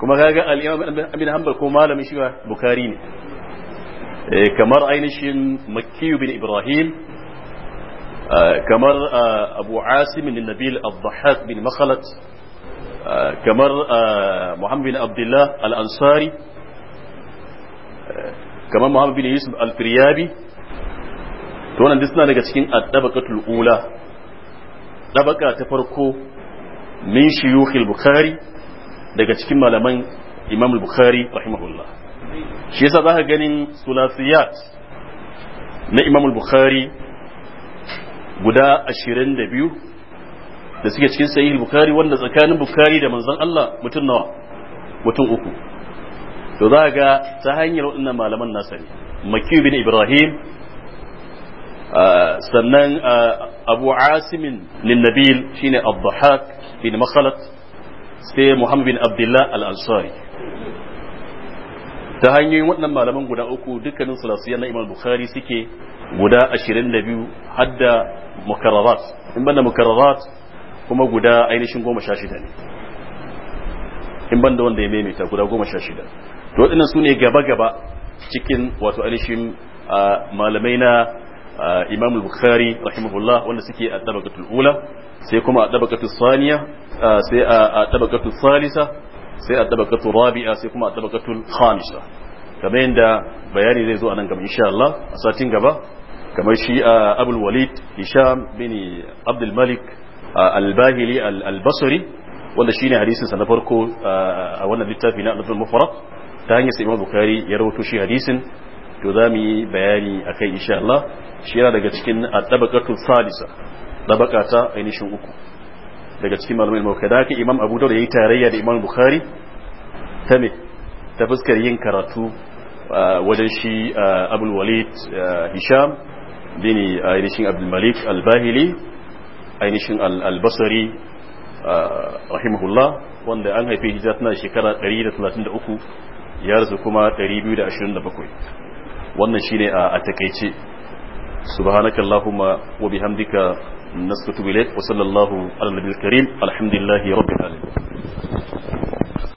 kuma kaga al'imam bin hanbal ko malamin shi bukari ne eh, kamar ainihin makiyu bin ibrahim kamar ah, abu asimin nabil al bin makhalat kamar ah, Muhammad bin Abdullah al-Ansari eh, kamar Muhammad bin Yusuf al-Firyabi to wannan duk suna daga cikin at ula ta farko min shuyukhil bukhari daga cikin malaman Imam al-Bukhari rahimahullah shi yasa zaka ganin sulasiyat na Imam al-Bukhari guda biyu. da suke cikin sahih bukhari wanda tsakanin Bukari da manzon Allah mutum nawa mutum uku to za ga ta hanyar waɗannan malaman nasa ne makki bin ibrahim sannan abu asimin ninnabil shine abdahak bin makhalat sai muhammad bin abdullah al ta hanyoyin waɗannan malaman guda uku dukkanin salasiyar na imam suke guda ashirin da biyu hadda mukarrarat in banda mukarrarat kuma guda ainihin goma sha shida ne in banda wanda ya maimaita guda goma sha shida to waɗannan su ne gaba-gaba cikin wato ainihin malamai na imam bukhari rahimahullah wanda suke a tabakatul ula sai kuma a tabakatul saniya sai a tabakatul salisa sai a tabakatul rabi'a sai kuma a tabakatul khamisa kamar yadda bayani zai zo a nan gaba insha Allah a satin gaba kamar shi a abul walid hisham bin abdul malik al-bahili al-basri wanda shine hadisin sa na farko a wannan littafi na al-adl mufrad ta hanyar sa imam bukhari ya rawaito shi hadisin to za mu yi bayani akai insha Allah shi yana daga cikin at-tabaqatu salisa tabaka ta ainihin uku daga cikin malamai mawkai da ke imam abu da yayi tarayya da imam bukhari ta me ta fuskar yin karatu wajen shi abul walid hisham bin ainihin abdul malik al-bahili ainihin al-basri rahimahullah wanda an haife hijira tana shekara 133 ya rasu kuma 227 wannan shine a takeice subhanakallahumma wa bihamdika نسكت إليك وصلى الله على النبي الكريم الحمد لله رب